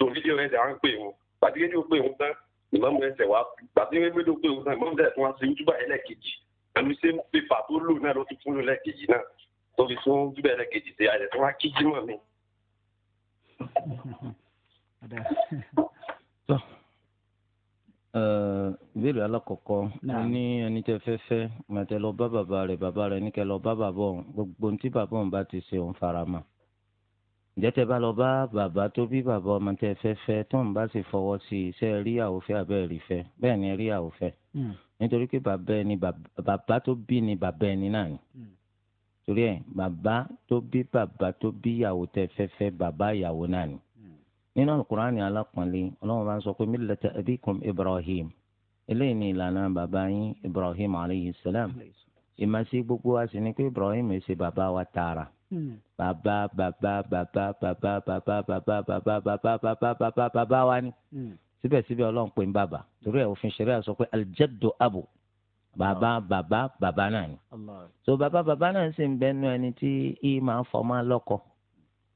so fídíò yẹn ṣe à ń pè wọn pàtí rédíò pè wọn tán ìmọ̀mù ẹsẹ̀ wa pàtí rédíò pè wọn tán ìmọ̀mù ẹsẹ̀ fún wa ṣe yútúbà ẹlẹ́ẹ̀kejì ẹnu ṣe pépà tó lò náà ló ti fún lò lẹ́ẹ̀kejì náà tó fi fún yútúbà ẹlẹ́ẹ̀kejì ṣe àyẹ̀ tó wá kí jímọ̀ mi. Eh, ìbéèrè alákọ̀ọ́kọ́ mo ní ẹni tẹ fẹ́ fẹ́ màtẹ lọ bá bàbá rẹ̀ bàbá rẹ̀ ní kẹ lọ bá bàbá òun gbogbo ohun tí bàbá òun bá ti ṣe òun fara mọ́ ìjẹ́tẹ̀ bá lọ bá bàbá tó bí bàbá ọmọ tẹ fẹ́ fẹ́ tó ń bá sì fọwọ́ sí i ṣe rí àwòfẹ́ abẹ́ rí fẹ́ bẹ́ẹ̀ ni rí àwòfẹ́ hmm. nítorí pé bàbá ẹni bàbá tó bí ni bàbá ẹni náà ni hmm. torí ẹ bàbá tó bí bàbá tó bí ìyàwó tẹ fẹ́ fẹ́ bàbá ìyàwó náà ni hmm. nínú alukur'an ni alápọ̀nlé ọlọ́run bá ń sọ pé millata abikum ibrahim eléyìí ni ìlànà bàbá yín ibrahim aleyhi salam ìmọ̀ sí gbogbo wa pé ibrahim èsì bàbá wa tààrà. Hmm. bàbá bàbá bàbá bàbá bàbá bàbá bàbá bàbá bàbá bàbá bàbá wa ni hmm. síbẹ̀síbẹ̀ ọlọ́run pè ń bàbá torí ẹ̀ òfin ṣẹlẹ̀ sọ pé aljaddu abu bàbá ah. bàbá bàbá náà ni so bàbá bàbá náà sì ń bẹnu ẹni tí í máa fọmọ lọ́kọ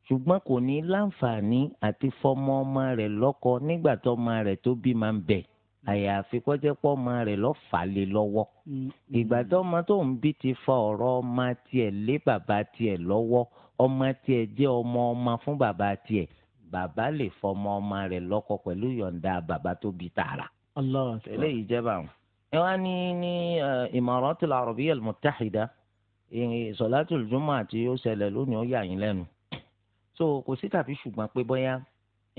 ṣùgbọ́n kò ní láǹfààní àti fọmọ ọmọ rẹ̀ lọ́kọ nígbà tó ọmọ rẹ̀ tó bí máa ń bẹ̀ẹ́ Mm. àyàfi kọjá pọ ọmọ rẹ̀ lọ fà lé lọ́wọ́ mm, mm. ìgbà tó ọmọ tó ń bí ti fa ọ̀rọ̀ ọmọ tiẹ̀ lé bàbá tiẹ̀ lọ́wọ́ ọmọ tiẹ̀ jẹ́ ọmọ ọmọ fún bàbá tiẹ̀ bàbá lè fọmọ ọmọ rẹ̀ lọ́kọ pẹ̀lú yọ̀ǹda bàbá tó bí tààrà. eléyìí jẹ́ báwọn. ẹ wá ní ní Imaratul Arabiya al-Muttahida sọ̀látùl Jumu'ah àti ó ṣẹlẹ̀ lónìí ó yà yín lẹ́nu. so kò sí tàbí ṣùgbọ́n pé bóyá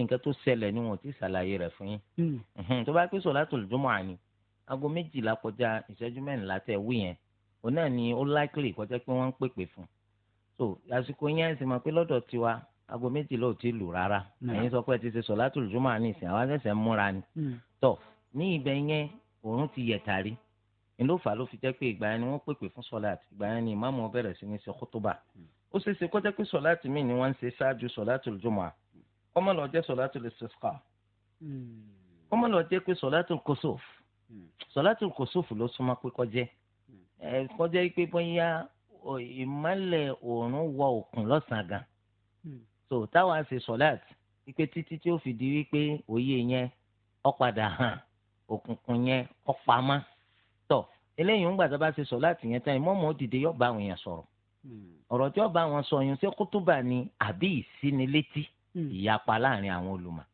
nǹkan tó ṣẹlẹ̀ ni wọn ti ṣàlàyé rẹ̀ fún yín hmm. tó bá pé sọ̀látùl jumu'a ni aago méjìlá kọjá ìṣẹ́jú mẹ́rìnlá tẹ̀ wí yẹn òun náà ni ó likely kọjá pé wọ́n ń pèpè fún so àsìkò yẹn sì máa pé lọ́dọ̀ tiwa aago méjìlá ò tí ì lù rárá hmm. ẹ̀yin sọ pé ẹ ti ṣe sọ̀látùl jumu'a ní ìsìn àwọn àṣẹ̀ṣẹ̀ ń múra ni hmm. tó ní ibẹ̀ yẹn òórùn ti yẹ̀ tàrí ló ló fi jẹ́ pé ìgbà yẹn ni wọ́n pèpè fún sọ́láàt ìgbà yẹn ni ìmáàmù bẹ̀rẹ̀ sí ní ṣe kótóbà ó ṣeé ṣe kó jẹ́ pé sọ́láàt ni wọ́n ń ṣe ṣáájú sọ́láàtul jumu'a kọ́mọ lọ jẹ́ sọ̀látùl istisqa hmm. kọ́mọ lọ jẹ́ pé sọ̀látùl kusuf hmm. sọ̀látùl kusuf ló súnmọ́ pé kọjẹ́ hmm. kọjá pé bóyá ìmọ̀lẹ̀ òòrùn wọ òkun lọ́sàn gan so táwa ṣe sọ̀lát wípé títí tí ó fi di wípé òye yẹn ó padà hàn òkùnkùn yẹn ó pamọ́ tọ̀ eléyìí ń gbà tó bá ṣe sọ̀lát yẹn tán ìmọ̀ọ́mọ́ òdìdé yóò bá àwọn èèyàn sọ̀rọ̀ ọ̀rọ̀ tí ó bá wọn sọ yẹn ṣé kútúbà ni àbí ìsínilétí Hmm. ìyapa láàrin àwọn olùmọ̀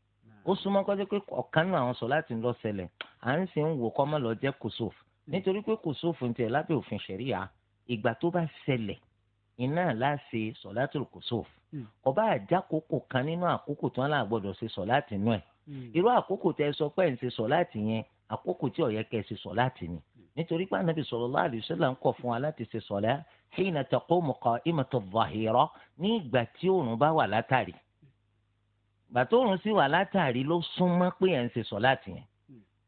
ó súnmọ́ kọ́jọ́ pé ọ̀kan nínú àwọn sọ láti lọ ṣẹlẹ̀ à ń sì ń wò kọ́ mọ́ lọ jẹ́ kòsóf hmm. nítorí pé kòsóf ń tẹ̀ lábẹ́ òfin ṣẹ̀ríà ìgbà tó bá ṣẹlẹ̀ iná láṣẹ sọ̀láàtì kòsóf hmm. kò bá àjákòókò kan nínú àkókò tí wọ́n là gbọ́dọ̀ ṣe sọ̀láàtì náà irú àkókò tẹ́ sọ pé ń ṣe sọ̀láàtì yẹn àkókò tí ó yẹ ṣe sọ̀láàtì ni nítorí pé ànábì sallallahu alaihi wasallam ń kọ̀ fún wa láti ṣe sọ̀lá hina taqumu qa'imatu dhahira gbàtóorùn sì wà látàrí ló súnmọ́ pé ẹ̀ ń ṣe sọ̀láàtì yẹn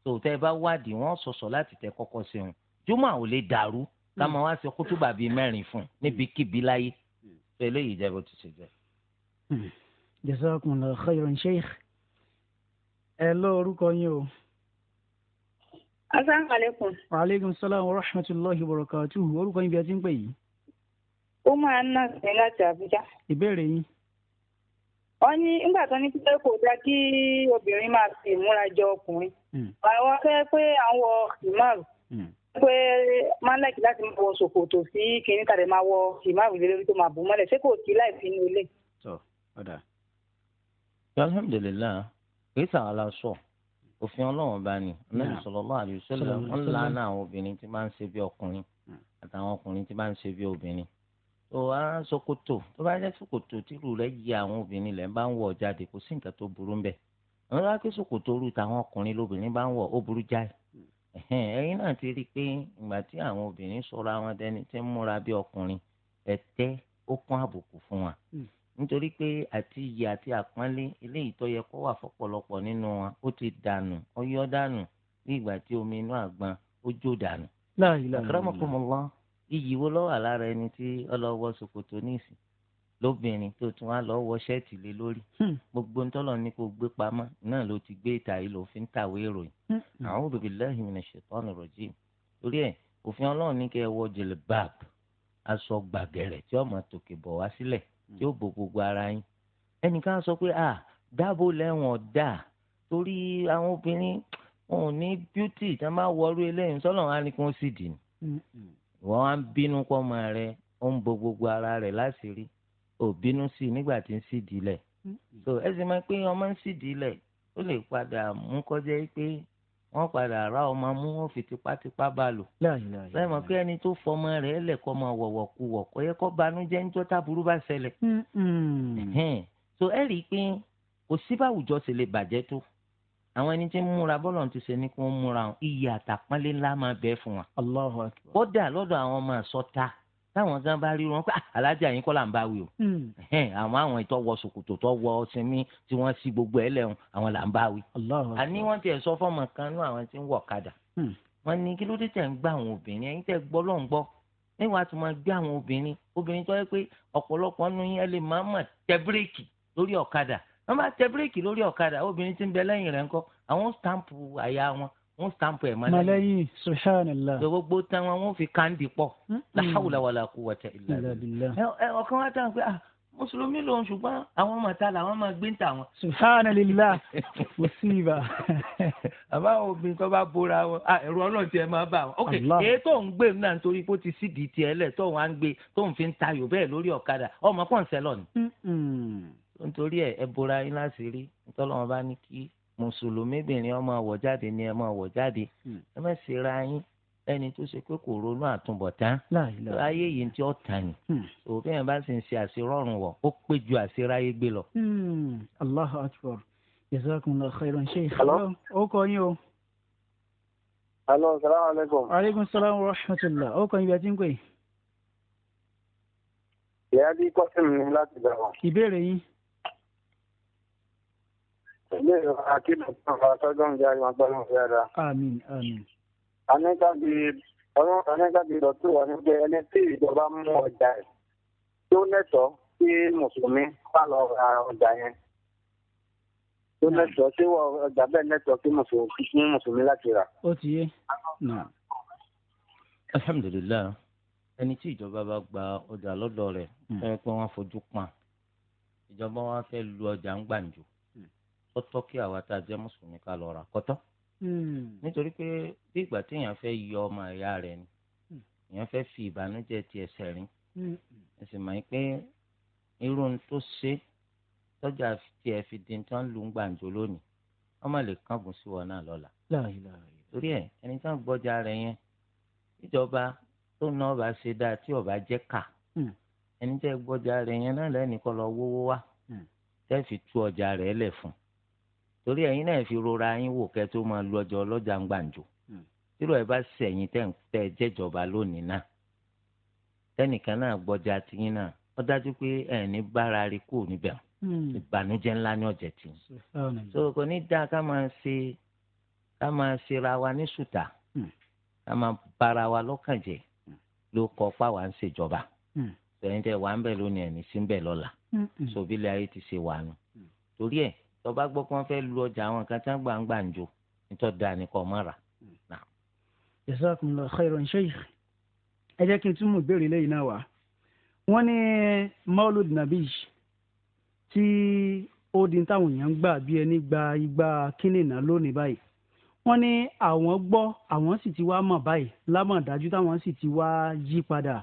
tòótẹ́ hmm. bá wádìí wọ́n sọ sọ̀láàtì tẹ kọ́kọ́ ṣeun jùmọ̀ ò lè dàrú ká máa hmm. wá ṣe kútùbà bíi mẹ́rin fún un hmm. níbikíbi láyé pé eléyìí jẹ́ bó ti ṣe jẹ́. jazakumullahu khairan sheikh ẹ lọ orúkọ yín o. asalaamualeykum. waaleykum salaam wa rahmatulahi wa barakatuhu orúkọ yín bí ẹ ti ń pè yìí. ó máa ń nà sí láti Àbújá. ìbéèrè yín wọ́n ní nígbà tó ní pé kò dáa kí obìnrin máa fi ìmúra jọ ọkùnrin hmm. àwọn fẹ́ pé àwọn imam hmm. pé máa ń láìkí láti máa wọ ṣòkòtò sí kìíní tàbí máa wọ imam lórí tó máa bù mọ́lẹ̀ ṣé kò kí láì fi inú ilé. tọ ọ̀dà alhamdulilayi kìí sàn án la sọ òfin ọlọ́run bá ní ọlọ́run sallallahu alaihi wasallam ńlá náà àwọn obìnrin tí máa ń ṣe bí ọkùnrin àtàwọn ọkùnrin tí máa ń ṣe bí obìnrin tó wá ṣòkòtò tó bá jẹ́ ṣòkòtò tírú rẹ̀ yí àwọn obìnrin lẹ̀ ń bá ń wọ̀ jáde kò sí nǹkan tó burú ńbẹ̀ àwọn bá ké ṣòkòtò rú tàwọn ọkùnrin lóbìnrin bá ń wọ̀ ó burú jáì ẹ̀yin náà ti rí i pé ìgbà tí àwọn obìnrin sọ̀rọ̀ àwọn dẹni tí ń múra bí ọkùnrin ẹ̀tẹ́ ó kún àbùkù fún wa hmm. nítorí pé àti iyì àti àpọ́nlé eléyìí tó yẹ kó wà fọ́pọ̀lọpọ̀ nínú wa ó ti dànù ó dànù ní ìgbà tí omi inú àgbọn ó jó dànù. láàyè láàyè iyì wo ló wà lára ẹni tí ọlọ́wọ́ ṣòkòtò níìsín lóbìnrin tó tún wá lọ́ọ́ wọ ṣẹ́ẹ̀tì lé lórí hmm. gbogbo ntọ́lọ̀ ní kó gbé pamọ́ náà ló ti gbé ìta yìí ló fi ń tàwé ìròyìn hmm. a'udhu billahi minash shaitani rajim torí ẹ̀ òfin ọlọ́run ní kẹ́ ẹ wọ jilbab aṣọ gbàgẹ̀rẹ̀ tí ọmọ tòkè bọ̀ wá sílẹ̀ tí ó bo gbogbo ara yín ẹnìkan sọ pé à dáàbò lẹ́wọ̀n dà torí àwọn obìnrin wọn ò ní bíútì tí wọ́n bá wọrú ìwọ wá ń bínú pọ́ ọmọ rẹ ó ń bo gbogbo ara rẹ̀ láṣìírí ò bínú sí i nígbà tí ń sídìí lẹ̀ hmm. so ẹ sì máa pé ọmọ ń sídìí lẹ̀ ó lè padà mú kọjá pé wọ́n padà ra ọmọ mú wọn fi tipátipá bá lò lẹ́yìn mọ̀ pé ẹni tó fọmọ rẹ̀ lẹ̀kọ́ ọmọ wọ̀wọ̀ ku wọ̀ kọ́ yẹ kó banújẹ́ ń jọ́tà burú bá ṣẹlẹ̀ hmm, hmm. so ẹ rí i pé kò sí báwùjọ ṣe lè bàjẹ́ tó àwọn ẹni tí ń múra bọ́lọ̀ ti ṣe ni kí wọ́n múra wọn iyì àtàpọ́nlé ńlá máa bẹ fún wa. kódà lọ́dọ̀ àwọn ọmọ àsọta táwọn gan bá rí wọn pé ah, alájà yín kọ́ là ń bá wí o hmm. àwọn àwọn ìtọ́ wọ ṣòkòtò tó wọ sinmi tí wọ́n sí gbogbo ẹ̀ lẹ́hùn àwọn là ń bá wí. àní wọ́n ti ẹ̀ sọ fọ́mọ kan ní àwọn tí ń wọ̀ kadà hmm. wọ́n ní kí ló dé tẹ̀ ń gbá àwọn obìnrin ẹ̀yin tẹ̀ gbọ́ lọ́n gbọ́ níwọ̀n a ti gbé àwọn obìnrin obìnrin tó yẹ pé ọ̀pọ̀lọpọ̀ nínú yín ẹ lè má mà tẹ bírèkì lórí ọ̀kadà wọ́n bá tẹ bíréèkì lórí ọ̀kadà obìnrin tí ń bẹ lẹ́yìn rẹ̀ ńkọ́ àwọn stampu àyà wọn wọ́n stampu ẹ̀ mọ́lẹ́yìn. mọ́lẹ́yìn subhanallah. lọ gbogbo tán wọn wọ́n fi kandi pọ̀ hmm? la hawla wala quwwata illa billah. ẹ ọkàn wa tán pé ah mùsùlùmí lòun ṣùgbọ́n àwọn ọmọ ta làwọn máa gbé ń tà wọn. subhanallah kò sí ibà. àbá obìnrin tó bá bóra wọn ah, ẹ̀rọ ọlọ́run tiẹ̀ máa bá wọn. ok èyí tó ń gbé náà nítorí pé ó ti sídìí tiẹ̀ lẹ̀ tó ń wá ń gbé tó ń fi ń tayò bẹ́ẹ̀ lórí ọ̀kadà ọmọ pọ̀ ń sẹ́lọ̀ ni nítorí ẹ ẹ bora yín láṣìírí tọ́lọ́wọ́n bá ní kí mùsùlùmí bìnrin ọmọ wọ̀ jáde ni ẹ máa wọ̀ jáde hmm. ẹ má ṣe ra yín ẹni tó ṣe pé kò ronú àtúbọ̀tán láyé yìí tí ó tàn ní hmm. òbí yẹn bá sì ń ṣe àṣírọ́rùn wọ̀ ó pé ju àṣíráyé gbé lọ. Hmm. Allahu akbar jazakumullahu khairan sheikh. ó kọ yín o. alo salaam aleykum. aleykum salaam wa rahmatulah ó kọ yín bí a ti ń pè. ìyá bí kọ́sìmù ni láti bẹ̀rẹ̀. ìbéèrè yín ilé akílò kan bá sọ́gbọ́n jẹ́ àgbà gbọ́dọ̀ fẹ́ra. àmín àmín. anẹ́kàbí ọlọ́run anẹ́kàbí dọ̀tí wà ní pé ẹni tí ìjọba mú ọjà ẹ̀ tó lẹ́tọ̀ọ́ sí mùsùlùmí wà lọ ra ọjà yẹn tó lẹ́tọ̀ọ́ sí ọjà bẹ́ẹ̀ lẹ́tọ̀ọ́ sí mùsùlùmí láti rà. ó ti yé alhamdulilayi ẹni tí ìjọba bá gba ọjà lọ́dọ̀ rẹ̀ hmm. ẹ pé wọ́n fojú pa ìjọba wọn fẹ́ lu ọjà ń gbàǹjo ó tọ́ kí àwa tá a jẹ́ mùsùlùmí ká lọ rà kọ́tọ́. Hmm. nítorí pé bí ìgbà téèyàn fẹ́ yọ ọmọ ìyá rẹ̀ ni hmm. èèyàn fẹ́ fi ìbànújẹ́ ti ẹsẹ̀ rìn hmm. ẹsẹ̀ mọ̀ pé irú ohun tó ṣe tọ́jà tiẹ̀ fi di tán lu ń gbàǹjo lónìí wọ́n má lè kángun sí wọn náà lọ́la. torí ẹ ẹni tán gbọ́jà rẹ̀ yẹn ìjọba tó ná ọba ṣe dáa tí ọba jẹ́ kà ẹni tẹ́ gbọ́jà rẹ̀ yẹn náà lẹ́nìkan lọ wówó wá tẹ́ fi tú ọjà rẹ̀ lẹ̀ fún un. torí ẹ̀yin náà fi rora yín wò kẹ́ tó máa lu ọjọ́ ọlọ́jà ń gbàǹjo hmm. ẹ bá tẹ́ ń lónìí náà tẹ́nìkan náà gbọ́jà tiyín náà ó dájú pé ẹni bára rí kù níbẹ̀ hmm. ìbànújẹ́ ńlá ní tì í so kò ní ká máa ṣe ká máa ṣera wa ní ṣùtà hmm. wa lọ́kàn ló ń ṣèjọba wà ń so ti ṣe wà nù torí ẹ̀ tó bá gbọ́ pé wọ́n fẹ́ lu ọjà àwọn kan tí wọ́n gbà ń gbà ń jò nítorí dáa ni kò mọ́ ra. jazakumullahu khairan sheikh ẹ jẹ́ kí n túmọ̀ ìbéèrè lẹ́yìn náà wá wọ́n ní maulud nabi tí ó di táwọn èèyàn ń gbà bí ẹni gba igba kínìnà lónìí báyìí wọ́n ní àwọn gbọ́ àwọn sì ti wá mọ̀ báyìí lámọ̀dájú táwọn sì ti wá yí padà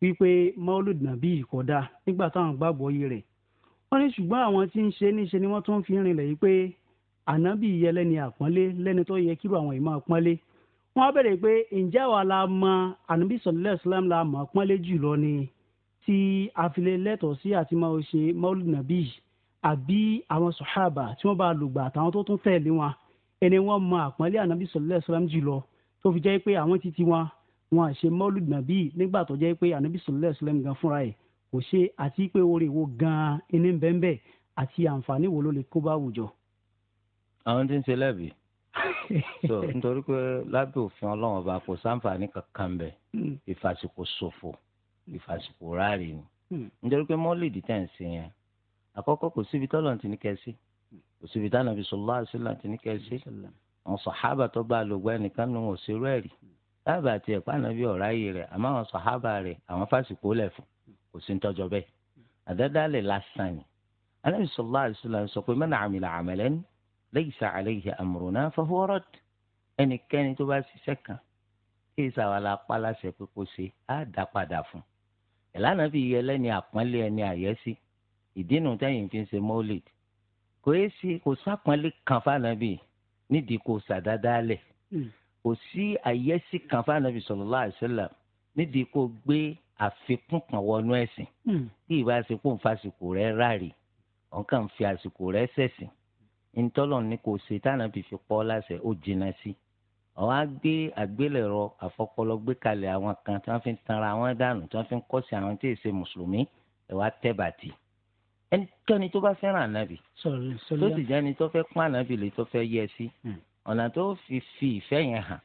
wípé maulud nabi kò dáa nígbà táwọn gbàgbọ́ yìí rẹ̀ wọ́n ní ṣùgbọ́n àwọn tí ń ṣe níṣe ni wọ́n tún fi rinlẹ̀ yìí pé ànábì yẹ ni àpọ́nlé lẹ́ni tó yẹ kírò àwọn ìmọ̀ àpọ́nlé wọ́n bẹ̀rẹ̀ pé ǹjẹ́ wa la mọ ànábì sallallahu alaihi la mọ̀ àpọ́nlé jùlọ ni tí àfilẹ̀ lẹ́tọ̀ọ́ sí àti máa ṣe maulid nabi àbí àwọn sọ̀hábà tí wọ́n bá lùgbà àtàwọn tó tún tẹ̀lé wọn ẹni wọ́n mọ àpọ́nlé ànábì sallallahu alaihi wasallam jùlọ tó fi jẹ́ pé àwọn títí wọn wọn àṣe maulid kò ṣe àti pé oore wo gan-an iní bẹ́ẹ̀ àti àǹfààní wo ló lè kó bá àwùjọ. àwọn tí ń ṣe lẹ́bi so nítorí pé lábẹ́ òfin ọlọ́run ọba kò sáǹfààní kankan bẹ̀ hmm. ìfàsìkò ṣòfò ìfàsìkò ráàrí ni hmm. nítorí pé mọ́lìdì tẹ̀ ń ṣe yẹn àkọ́kọ́ kò síbi tọ́lọ̀ ti ní kẹ́sí kò síbi tá nàbí sallallahu alaihi wasallam ti ní kẹ́sí àwọn sàhábà tó bá lògbà ẹnìkan nù ò ẹ̀rí lábàá tiẹ̀ pàànàbí ọ̀ráyè rẹ̀ àmọ́ àwọn sàhábà rẹ̀ àwọn fàsìkò lẹ̀ fún kò sí tọ́jọ́ bẹ́ẹ̀ àdádálẹ̀ lásán ni Ànábì sallallahu alaihi wasallam sọ pé man amila amalan laysa alayhi amruna fahuwa radd ẹnikẹ́ni tó bá ṣiṣẹ́ kan kí ìsàwálà pàlàṣẹ pé kó ṣe á dá padà fún ìlànà bíi ẹlẹ́ni àpọ́nlé ẹni àyẹ́sí ìdínú tẹ́yìn fi ń ṣe mọ́lẹ̀d kò é ṣe kò sápọ́nlé kan fànàbì nídìí kò sàdádálẹ̀ hmm. kò sí àyẹ́sí kan fànàbì sallallahu alaihi wasallam nídìí kò gbé àfikún kan wọnú ẹ̀sìn hmm. tí ìbá ṣe kó n fa àsìkò rẹ ráàrí ọ̀nkà ń fi àsìkò rẹ ṣẹ̀sìn ntọ́lọ̀ ní kò ṣe tánà fi fi pọ́ láṣẹ ó jìnnà sí i àwọn agbé àgbélẹ̀rọ àfọpọlọ gbé kalẹ̀ àwọn kan tí wọ́n fi ń tanra àwọn dànù tí wọ́n fi ń kọ́sí àwọn tí èsè mùsùlùmí ẹ̀ wá ẹnikẹ́ni tó bá fẹ́ràn ànábì tó sì jẹ́ni tó fẹ́ pọ́n ànábì lè tó fẹ́ yẹ sí hmm. ọ̀nà tó fi fi ìfẹ́ yẹn hàn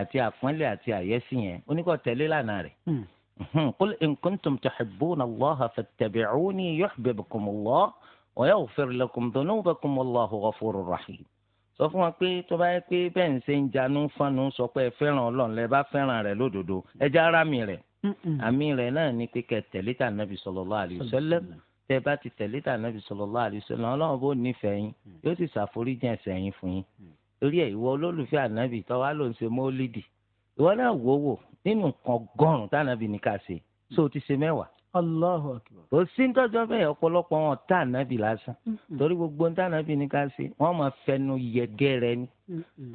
àti àpọ́nlé àti àyẹ́sí yẹn oníkọ̀ tẹ̀lé lànà rẹ̀ hmm. قل إن كنتم تحبون الله فاتبعوني يحببكم الله ويغفر لكم ذنوبكم والله غفور رحيم sọ fún wa pé tó bá yẹ pé bẹ́ẹ̀ ń ṣe ń janú fanu sọ pé ẹ fẹ́ràn ọlọ́run lẹ bá fẹ́ràn rẹ lódodo ẹ já ara mi rẹ àmì rẹ náà ni pé kẹ tẹ̀lé tà nàbì sallallahu alaihi wasallam tẹ bá ti tẹ̀lé tà nàbì sallallahu alaihi wasallam ọlọ́run bó nífẹ̀ẹ́ yín mm. yóò sì ṣàforíjì ẹ̀ṣẹ̀ yín fún yín mm. torí ẹ̀ ìwọ olólùfẹ́ ànábì tó ló ń ṣe mọ́lídì ìwọ náà wò wò nínú nǹkan ọgọ́rùn tánàbì ní ká ṣe so ti ṣe mẹ́wàá. Allahu akbar. kò sí nítọ́jọ́ bẹ́ẹ̀ ọ̀pọ̀lọpọ̀ wọn tánàbì lásán torí gbogbo tánàbì ní ká ṣe wọ́n máa fẹnu yẹgẹrẹ ni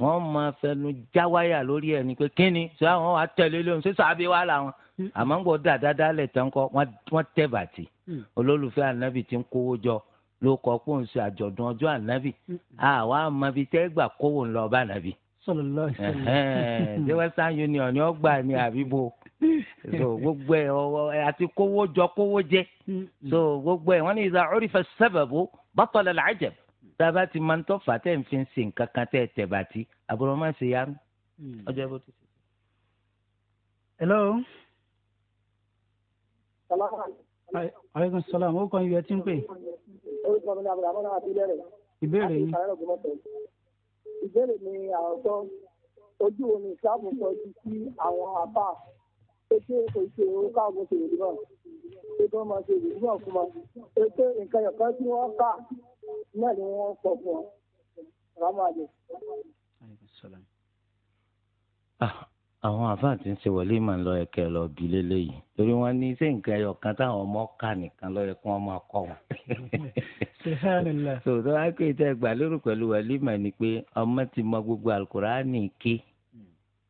wọ́n máa fẹnu jáwáyà lórí ẹ̀ ni pé kí ni ṣé àwọn wa tẹ̀lé lóhùn ṣé sàbí wa làwọn àmọ́ ń gbọ́ dáadáa lẹ̀ tán kọ́ wọ́n tẹ̀ bàtì mm. olólùfẹ́ ànábì ti ń kówó jọ ló kọ́ pòǹsì àjọ̀dún ọjọ́ ànábì àwa àmọ́ bíi tẹ́ gbà kówó ńlọ ọba ànábì jẹ́wẹ́sán union ni ó gbà ní àbíbo so gbogbo ẹ̀ àti kówó jọ kówó jẹ mm-hmm. so gbogbo ẹ̀ wọ́n ní ìdá orífẹ́ sábàbò bàtọ̀lẹ̀ làájẹ̀ tábà ti máa ń tọ́ fàtẹ́ ń fi ń sìn kankan tẹ́ tẹ̀ bàtí àbúrò máa ń ṣe yá mm. ọjọ́ ìbò tó ṣe. hello. aleykum salaam o kàn yẹ tí ń pè. ìbéèrè yìí ìbéèrè mi àkọ́kọ́ ojú wo ni ìsìláàmù kọjú sí àwọn àbá pé ṣé kò ṣe owó káàbọ̀ ṣe ìlú náà pé kí wọ́n máa ṣe ìlú náà fún wọn pé pé nǹkan ẹ̀kọ́ tí wọ́n kà náà ni wọ́n sọ fún wọn rámàlè. Ah, àwọn àfáà tí ń ṣe wọlé màá lọ ẹkẹ lọ bí lélẹyìí torí wọ́n ní ṣé nǹkan ẹyọ kan táwọn ọmọ kà nìkan lọ yẹ kí wọ́n máa kọ́ wọn sòtò àìpé tẹ gbàlérò pẹ̀lú wàlímà ni pé ọmọ ti mọ gbogbo alukurani ké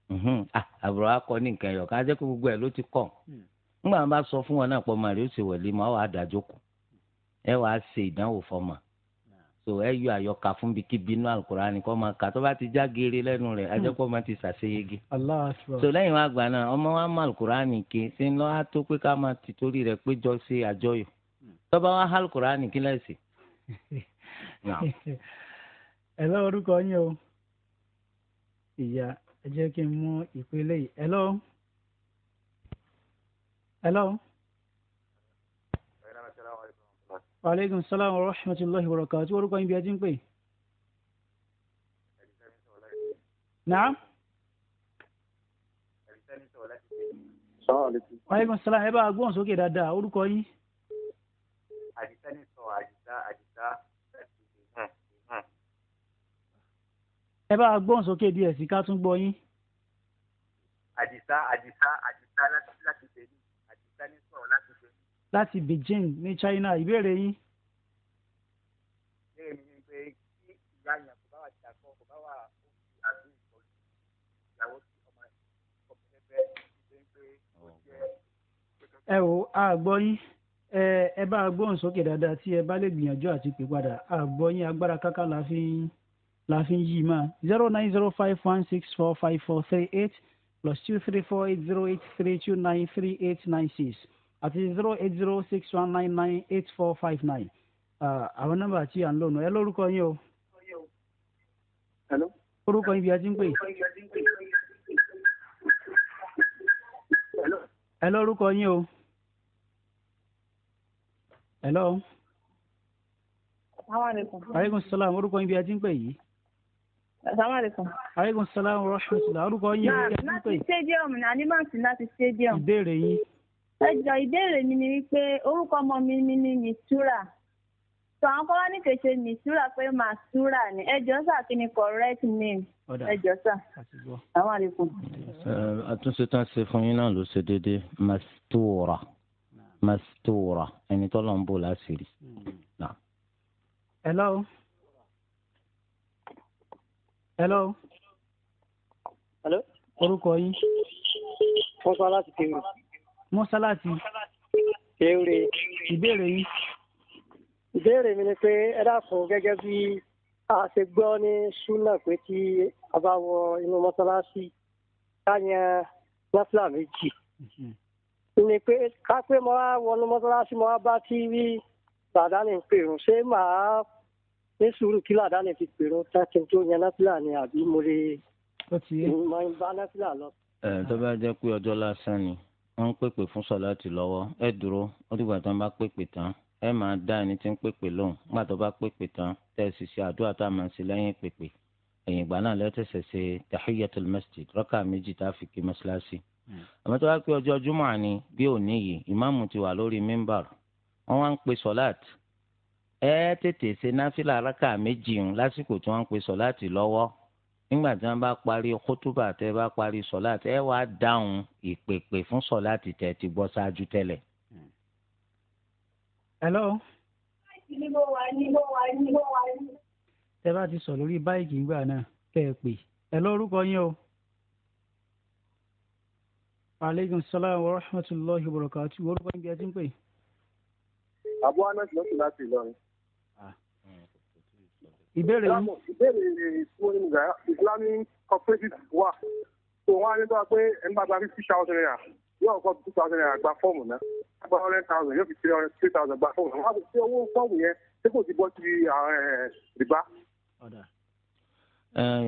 hmm. ah, àbúrò akọ ní nǹkan ẹ̀yọ̀ kó gbogbo ẹ̀ ló ti kọ̀ ńgbà hmm. wọn bá sọ fún wọn náà pọ̀ màrí ó sì wàlímà ọ̀ ẹ ìdánwò so ẹ yọ àyọkà fún bí kí bínú alukurani kọ́ máa kà tó bá ti já geere lẹ́nu rẹ̀ hmm. kó máa ti so lẹ́yìn wa gbà náà ọmọ wa máa alukurani ké ṣe ń lọ́ tó pé ká máa ti torí rẹ̀ ṣe ẹ lọ orúkọ yín o ìyá ẹ jẹ́ kí n mú ìpele yìí ẹ lọ ẹ lọ. aleykum salaam wa rahmatulahi wa barakatuh tí orúkọ yín bí ẹ ti ń pè. naam. wàhálà ìgbọ̀nsẹ̀ ẹ bá a gbọ́n sókè dáadáa orúkọ yín. àdìsẹ́ni sọ àdìsá àdìsá. ẹ bá gbọ́n sókè díẹ̀ sí ká tún gbọ́ yín. àdìsá àdìsá àdìsá láti bẹ̀rẹ̀ àdìsá ní sọ̀rọ̀ láti bẹ̀rẹ̀. láti Beijing ní China ìbéèrè yín. ìbéèrè mi ni pé kí ìyá yẹn kò bá wà jà kọ́ kò bá wà fún àbí ìtọ́jú ìyàwó tí ọmọ ẹ̀ ọ̀bẹ bẹ́ẹ̀ ṣe ń pé ó jẹ́. ẹ wo àgbọ́ yín ẹ bá gbọ́n sókè dáadáa tí ẹ bá lè gbìyànjú àti pè padà àgbọ́ yín agbára káká la fi ń la fi ń yí i zero nine zero five one six four five four three eight plus two three four eight zero eight three two nine three eight nine six àti zero eight zero six one nine nine eight four five nine àwọn nọ́mbà tí à ń lò nù ẹ lórúkọ yín o. orúkọ yín bí a ti ń pè. ẹ lórúkọ yín o. hello. aleykum salaam orúkọ yín bí a ti ń pè yìí. Assalamualaikum. Aleykum salaam wa rahmatulah. Orúkọ yín ló jẹ́ pípé. Láti stadium ní Alimọ̀sí láti stadium. Ìbéèrè yín. Ẹ jọ ìbéèrè mi ni wípé orúkọ ọmọ mi ni ni Mistura. Sọ àwọn kọ́lá ní kèsè Mistura pé Mastura ni. Ẹ jọ sà kí ni correct name. Ẹ jọ sà. Assalamualaikum. Àtúnṣe tá a ṣe fún yín náà ló ṣe déédéé Mastura. Mastura ẹni tọ́lọ́ ń bò láṣìírí. Hmm. Hello hello. hello. orúkọ yín. musa láti kéwìrì. musa láti. kéwìrì. ìbéèrè yín. ìbéèrè mi ni pé ẹ dákun gẹ́gẹ́ bí a ṣe gbọ́ ní ṣúnà pé tí a bá wọ inú mọ́ṣáláṣí ká yan nọ́fìlà méjì. Mhm. ni pé ká pé mo wá wọnú mọ́ṣáláṣí mo wá bá tí rí bàdá ní pèrún ṣé màá ní sùúrù kí làdáni fi pèrò tákì tó yan náfìlà ni àbí mo lè máa ń bá náfìlà lọ. ẹ tó bá jẹ́ pé ọjọ́ lásán ni wọ́n ń pèpè fún sọ̀láàtì lọ́wọ́ ẹ dúró ó dìgbà tó ń bá pèpè tán ẹ máa dá ẹni tí ń pèpè lóhùn nígbà tó bá masjid rọ́kà méjì tá a fi kí mọ́ṣáláṣí. Hmm. àmọ́ tó bá pé ọjọ́ júmọ̀ ni bí òní yìí ẹ tètè ṣe náfìlà arákà méjì ń lásìkò tí wọ́n ń pe sọ̀láàtì lọ́wọ́ nígbà tí wọ́n bá parí kótóbà tẹ́ bá parí sọ̀láàtì ẹ wá dáhùn ìpèpè fún sọ̀láàtì tẹ́ ti gbọ́ ṣáájú tẹ́lẹ̀. hello. tẹ́ bá ti sọ lórí báyìí ìgbà náà kẹ́ ẹ pè ẹ lórúkọ yín o. aleykum salaam wa rahmatulahi wa barakatuh orúkọ yín bí ẹ ti ń pè. àbúrò anáṣẹ́ ló ti láti Ìlọrin ìbéèrè yìí. ìbéèrè ìfowó ni nga islamic cooperative wa tó wọn á ní sọ pé ẹ ń bá gba fifty thousand naira yóò kọ two thousand naira gba fọ́ọ̀mù náà gba hundred thousand yóò fi three hundred three thousand gba fọ́ọ̀mù náà wọn á fi owó fọ́ọ̀mù yẹn tí kò ti bọ́ sí eh, rìbá.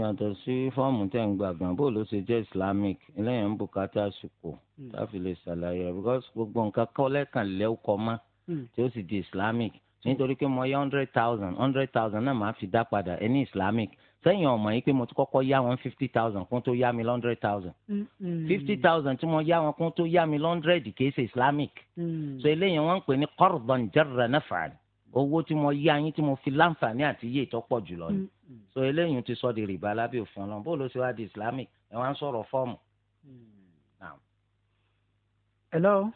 yàtọ̀ sí fọ́ọ̀mù tẹ̀ ń gbà gan bó ló ṣe jẹ́ islamic eléyàn ń bùkátà àsìkò hmm. tá a fi lè ṣàlàyé rẹ̀ because gbogbo nǹkan kọ́lẹ́kànlẹ́wọ́ kọ́ mọ́ hmm. tí ó sì di islamic nítorí pé mo yá hundred thousand hundred thousand náà máa fi dá padà ẹ ní islamic sẹ́yìn ọ̀mọ̀ yìí pé mo ti kọ́kọ́ yá wọn fifty thousand kún tó yá mi hundred thousand fifty thousand tí mo yá wọn kún tó yá mi hundred kìí ṣe islamic mm. so eléyìí wọ́n ń pè ní qardan jarra naf'an owó tí mo yá yín tí mo fi láǹfààní àti iye ìtọ́pọ̀ jùlọ ni so eléyìí ti sọ di rìbá lábẹ́ òfin ọlọ́run bó ló ṣe wá di islamic ẹ wá ń sọ̀rọ̀ fọ́ọ̀mù. Mm. hello.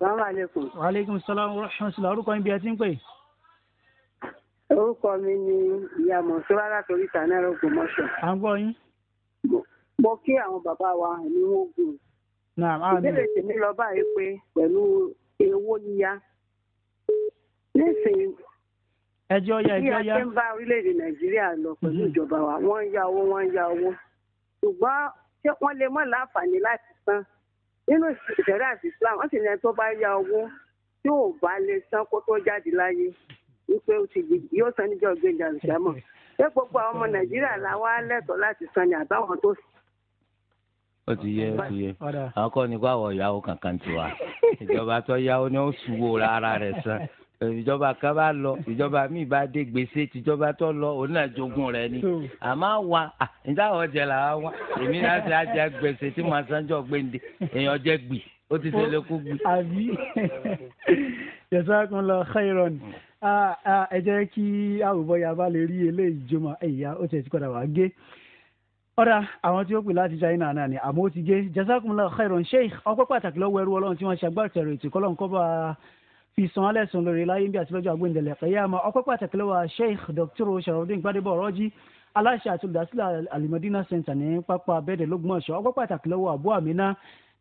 Assalamu alaikum. Wa alaikum salaam wa rahmatullahi orúkọ yín bí ẹ ti ń pè. Orúkọ mi ni ìyá Mọ̀sọ́lá látòrí Sanẹ́rọ̀ Gbọmọṣọ. À ń gbọ́ yín. Mo kí àwọn bàbá wa ní wọ́n gùn. Ìbéèrè tèmi lọ báyìí pé pẹ̀lú owó yíyá. Nísìnyí ẹjọ́ ya ẹjọ́ ya. bí a ṣe ń bá orílẹ̀-èdè nàìjíríà lọ pẹ̀lú mm-hmm. ìjọba wa wọ́n ń ya owó wọ́n ń ya owó ṣùgbọ́n ṣé wọ́n lè mọ̀ láǹfààní láti san nínú ìṣẹ̀lẹ̀ àti Islam wọ́n sì ní tó bá yá owó tí ò bá lè san kó tó jáde láyé wípé ó ti yóò san níjọ́ gbẹ̀jà lùsẹ́mọ̀ pé gbogbo àwọn ọmọ Nàìjíríà la wá láti san àbáwọn tó ó ti yẹ ó ti yẹ àwọn kọ́ni kó àwọ̀ kankan ìjọba ìjọba kan bá lọ ìjọba míì bá dé gbèsè tìjọba tó lọ òun náà jogún rẹ̀ ni àmọ́ wa níta àwọn jẹ là wá èmi náà ti àjẹ gbèsè tí màá sanjọ gbèǹde èèyàn jẹ gbì ó ti ṣẹlẹ̀ kú gbì. àbí jazakumullahu khairan ẹ jẹ́ kí àwòbọ̀ ya bá lè rí eléyìí jọmọ ẹ̀yà ó tẹ̀ sí padà wá gé ọ̀rà àwọn tí ó pè láti China náà ni àmọ́ ó ti gé jazakumullahu khairan sheikh ọpẹ́ pàtàkì lọ́wọ́ ẹrú ọlọ́run tí wọ́n ṣe agbátẹrù ètò a ìsàn alẹ́sùn lórí láyé ń bí àtìlọ́jọ́ àgbéǹdẹ̀lẹ̀ kẹ́yàmọ́ ọpẹ́ pàtàkì lọ́wọ́ sheikh dr sharafdin gbadebo ọ̀rọ́jì aláṣẹ àti alimadina center ní pápá abẹ́ẹ̀dẹ̀ lọ́gbọ̀nsọ̀ ọpẹ́ pàtàkì lọ́wọ́ abu àmínà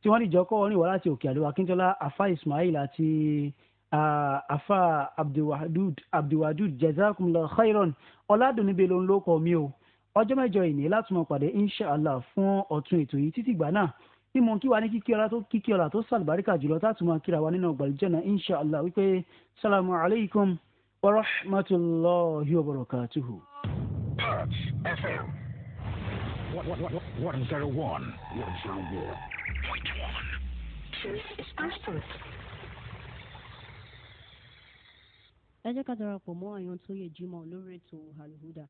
tí wọ́n dìjọ́ kọ́ orin wá láti òkè àdúrà akíntola afa ismail àti afa abdulwadud jazakumullahu khairon ọ̀làdùnní bẹ́ẹ̀ ló ń lókọ̀ mi o ọjọ́ mẹ́jọ ìní láti mọ̀ pàdé inshallah fún ọ̀tún ètò yìí títí gbà náà tí mo kí wa ní kíkí ọlá tó kíkí ọlá tó sàlùbáríkà jùlọ tá a tún máa kíra wa nínú ọgbàlùjẹ́nà inshàlá wípé salamu alaykum wa rahmatulahi wa barakatuhu. FM one zero one one is perfect. ẹ jẹ́ ká darapọ̀ mọ́ àyàn tó yẹ jímọ̀ lórí ètò àlùhùdà.